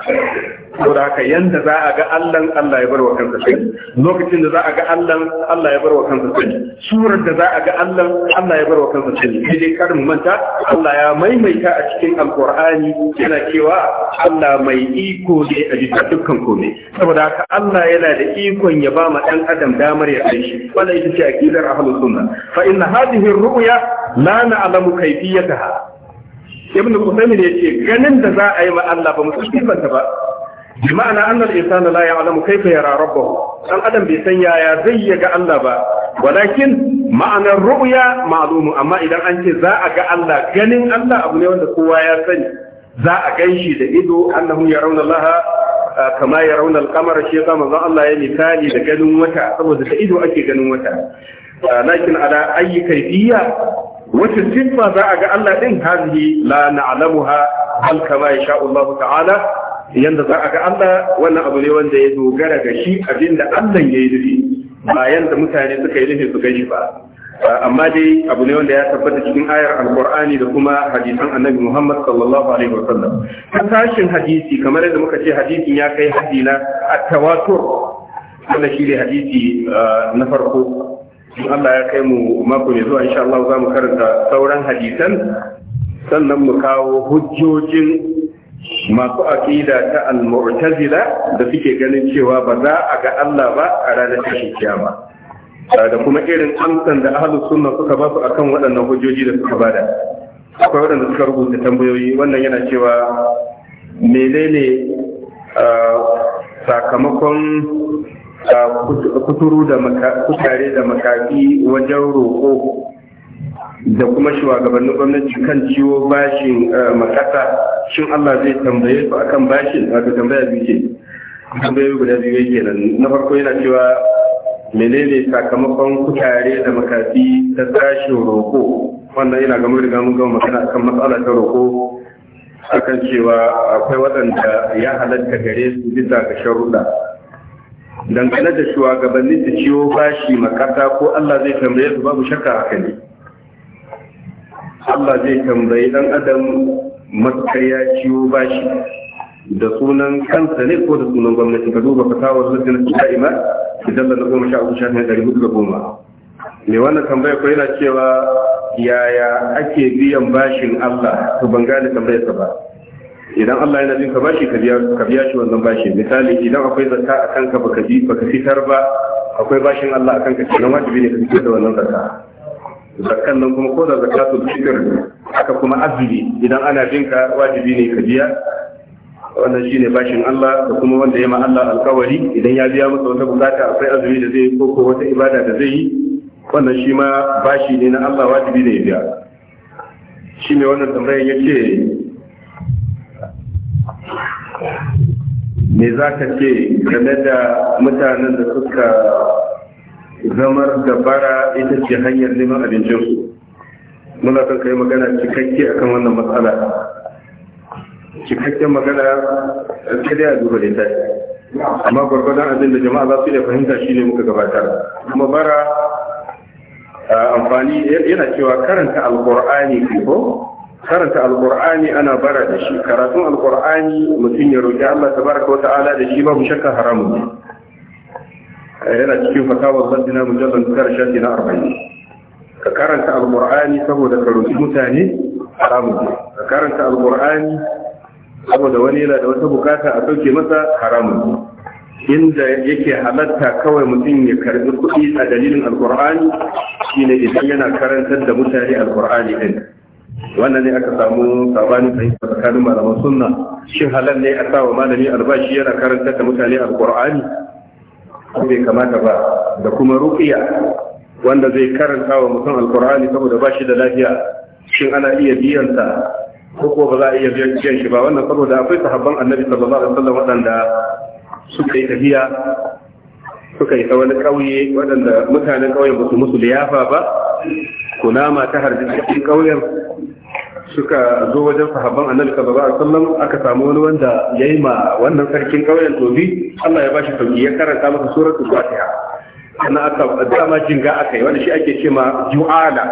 A: Saboda haka yadda za a ga Allah Allah ya bar wa kansa sani. Lokacin da za a ga Allah Allah ya bar wa kansa sani. Surar da za a ga Allah Allah ya bar wa kansa sani. Sai dai karin manta Allah ya maimaita a cikin Alƙur'ani yana cewa Allah mai iko ne a bisa dukkan komai. Saboda haka Allah yana da ikon ya ba ma ɗan adam damar ya kai shi. Wannan ita ce aqidar ahlus sunna. Fa inna hadhihi ar-ru'ya la na'lamu kayfiyataha. ibn Usaymin ya ce ganin da za a yi ma Allah ba musu kifanta ba bi ma'ana annal na la ya'lamu kayfa yara rabbahu dan adam bai san yaya zai ya ga Allah ba walakin ma'anar ru'ya ma'lumu amma idan an ce za a ga Allah ganin Allah abu ne wanda kowa ya sani za a ganshi da ido annahum yarawna Allah kama yarawna al-qamara shi ya manzo Allah ya misali da ganin wata saboda da ido ake ganin wata lakin ala ayyi kayfiyya wace siffa za a ga Allah din hazihi la na'lamuha hal kama yasha Allah ta'ala yanda za a ga Allah wannan abu ne wanda ya dogara ga shi abinda Allah ya yi nufi ba yanda mutane suka yi nufi su gan ba amma dai abu ne wanda ya tabbata cikin ayar alkur'ani da kuma hadisan annabi muhammad sallallahu alaihi wa sallam tashin hadisi kamar yadda muka ce hadisin ya kai hadina a tawatur wanda shi ne hadisi uh, na farko in Allah ya kai mu mako mai zuwa insha Allah za mu karanta sauran hadisan sannan mu kawo hujjojin masu aqida ta al-mu'tazila da suke ganin cewa ba za a ga Allah ba a ranar tashin kiyama da kuma irin amsan da ahlus sunna suka ba su akan waɗannan hujjoji da suka bada akwai waɗanda suka rubuta tambayoyi wannan yana cewa menene ah, sakamakon kuturu da kutare da makafi wajen roƙo da kuma shugabannin gwamnati kan ciwo bashin makasa shin Allah zai tambaye su akan bashin wato tambaya biyu ce tambayoyi guda biyu kenan na farko yana cewa menene sakamakon kutare da makafi ta sashin roƙo wannan yana gama da gama gama magana akan matsala ta roƙo akan cewa akwai waɗanda ya halatta gare su bisa ga sharuɗa dangane da shugabannin da ciwo bashi makata ko Allah zai tambaye su babu shakka haka ne Allah zai tambayi dan adam matsaya ciwo bashi da sunan kansa ne ko da sunan gwamnati ka duba fatawar lajnat da'ima idan da goma sha uku sha ɗari hudu da goma me wannan tambaya ko yana cewa yaya ake biyan bashin Allah to ban gane tambayarsa ba idan Allah yana bin ka bashi ka biya shi wannan bashi misali idan akwai zakka a kanka baka bi baka fitar ba akwai bashin Allah a kanka kenan wajibi ne ka fitar da wannan zakka zakkan nan kuma ko da zakatul fitr haka kuma azumi idan ana bin ka wajibi ne ka biya wannan shine bashin Allah da kuma wanda ya ma Allah alkawari idan ya biya masa wata bukata akwai azumi da zai yi ko ko wata ibada da zai yi wannan shi ma bashi ne na Allah wajibi ne ya biya shi ne wannan tambayar yake me za ka ce game da mutanen da suka zamar da bara ita ce hanyar neman abincinsu muna son ka yi magana cikakke akan wannan matsala cikakken magana sai dai a duba da ita amma gwargwadon abin da jama'a za su iya fahimta shi ne muka gabatar kuma bara amfani yana cewa karanta alkur'ani ko karanta alqur'ani ana bara da shi karatun alqur'ani mutum ya roki Allah ta baraka wa ta'ala da shi babu shakka haramun ne. yana cikin fatawar sandina mujallar tara shafi na arba'in ka karanta alqur'ani saboda ka roki mutane haramun ne. ka karanta alqur'ani saboda wani yana da wata bukata a sauke masa haramun ne. inda yake halatta kawai mutum ya karbi kuɗi a dalilin alkur'ani shine idan yana karantar da mutane alkur'ani din wannan ne aka samu sabani fahimta tsakanin malaman sunna shin halal ne a sawa malami albashi yana karanta da mutane alqur'ani ko bai kamata ba da kuma ruqiya wanda zai karanta wa mutum alqur'ani saboda bashi da lafiya shin ana iya biyan ta ko ko ba za a iya biyan shi ba wannan saboda akwai sahabban annabi sallallahu alaihi wasallam wadanda suka yi tafiya suka yi ta wani ƙauye waɗanda mutanen ƙauyen ba su musu liyafa ba kunama ta harbi cikin ƙauyen suka zo wajen sahabban annabi sallallahu alaihi wasallam aka samu wani wanda yayi ma wannan sarkin kauyen tobi Allah ya bashi sauki ya karanta masa suratul fatiha sannan aka ma jinga akai wanda shi ake cewa ju'ala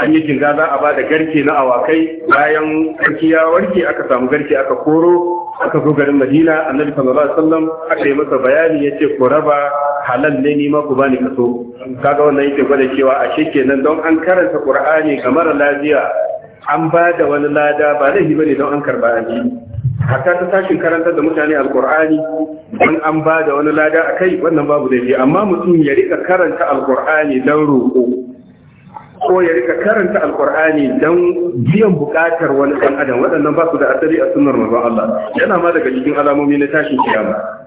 A: an yi jinga za a ba da garke na awakai bayan sarki ya warke aka samu garke aka koro aka zo garin Madina annabi sallallahu alaihi wasallam aka yi masa bayani yace ko raba halal ne ni ma ku bani kaso kaga wannan yake gwada cewa ashe kenan don an karanta Qur'ani ga mara lafiya an ba da wani lada ba laifi ne don an karba addini hatta ta tashin karanta da mutane alkur'ani don an ba da wani lada a kai wannan babu laifi amma mutum ya rika karanta alkur'ani don roƙo ko ya rika karanta alkur'ani don biyan buƙatar wani ɗan adam waɗannan ba su da asali a sunnar manzon Allah yana ma daga cikin alamomi na tashin kiyama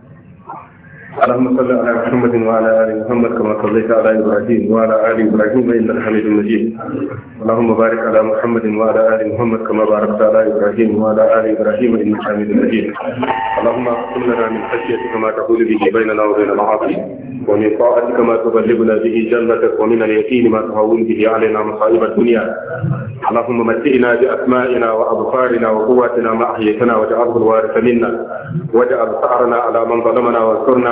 A: اللهم صل على محمد وعلى ال محمد كما صليت على ابراهيم وعلى ال ابراهيم انك حميد مجيد اللهم بارك على محمد وعلى ال محمد كما باركت على ابراهيم وعلى ال ابراهيم انك حميد مجيد اللهم اقسم لنا من خشيتك ما تحول به بيننا وبين المعاصي ومن طاعتك ما تبلغنا به جنتك ومن اليقين ما تهون به علينا مصائب الدنيا اللهم متئنا باسمائنا وابصارنا وقواتنا ما احييتنا واجعله الوارث منا واجعل ثارنا على من ظلمنا وانصرنا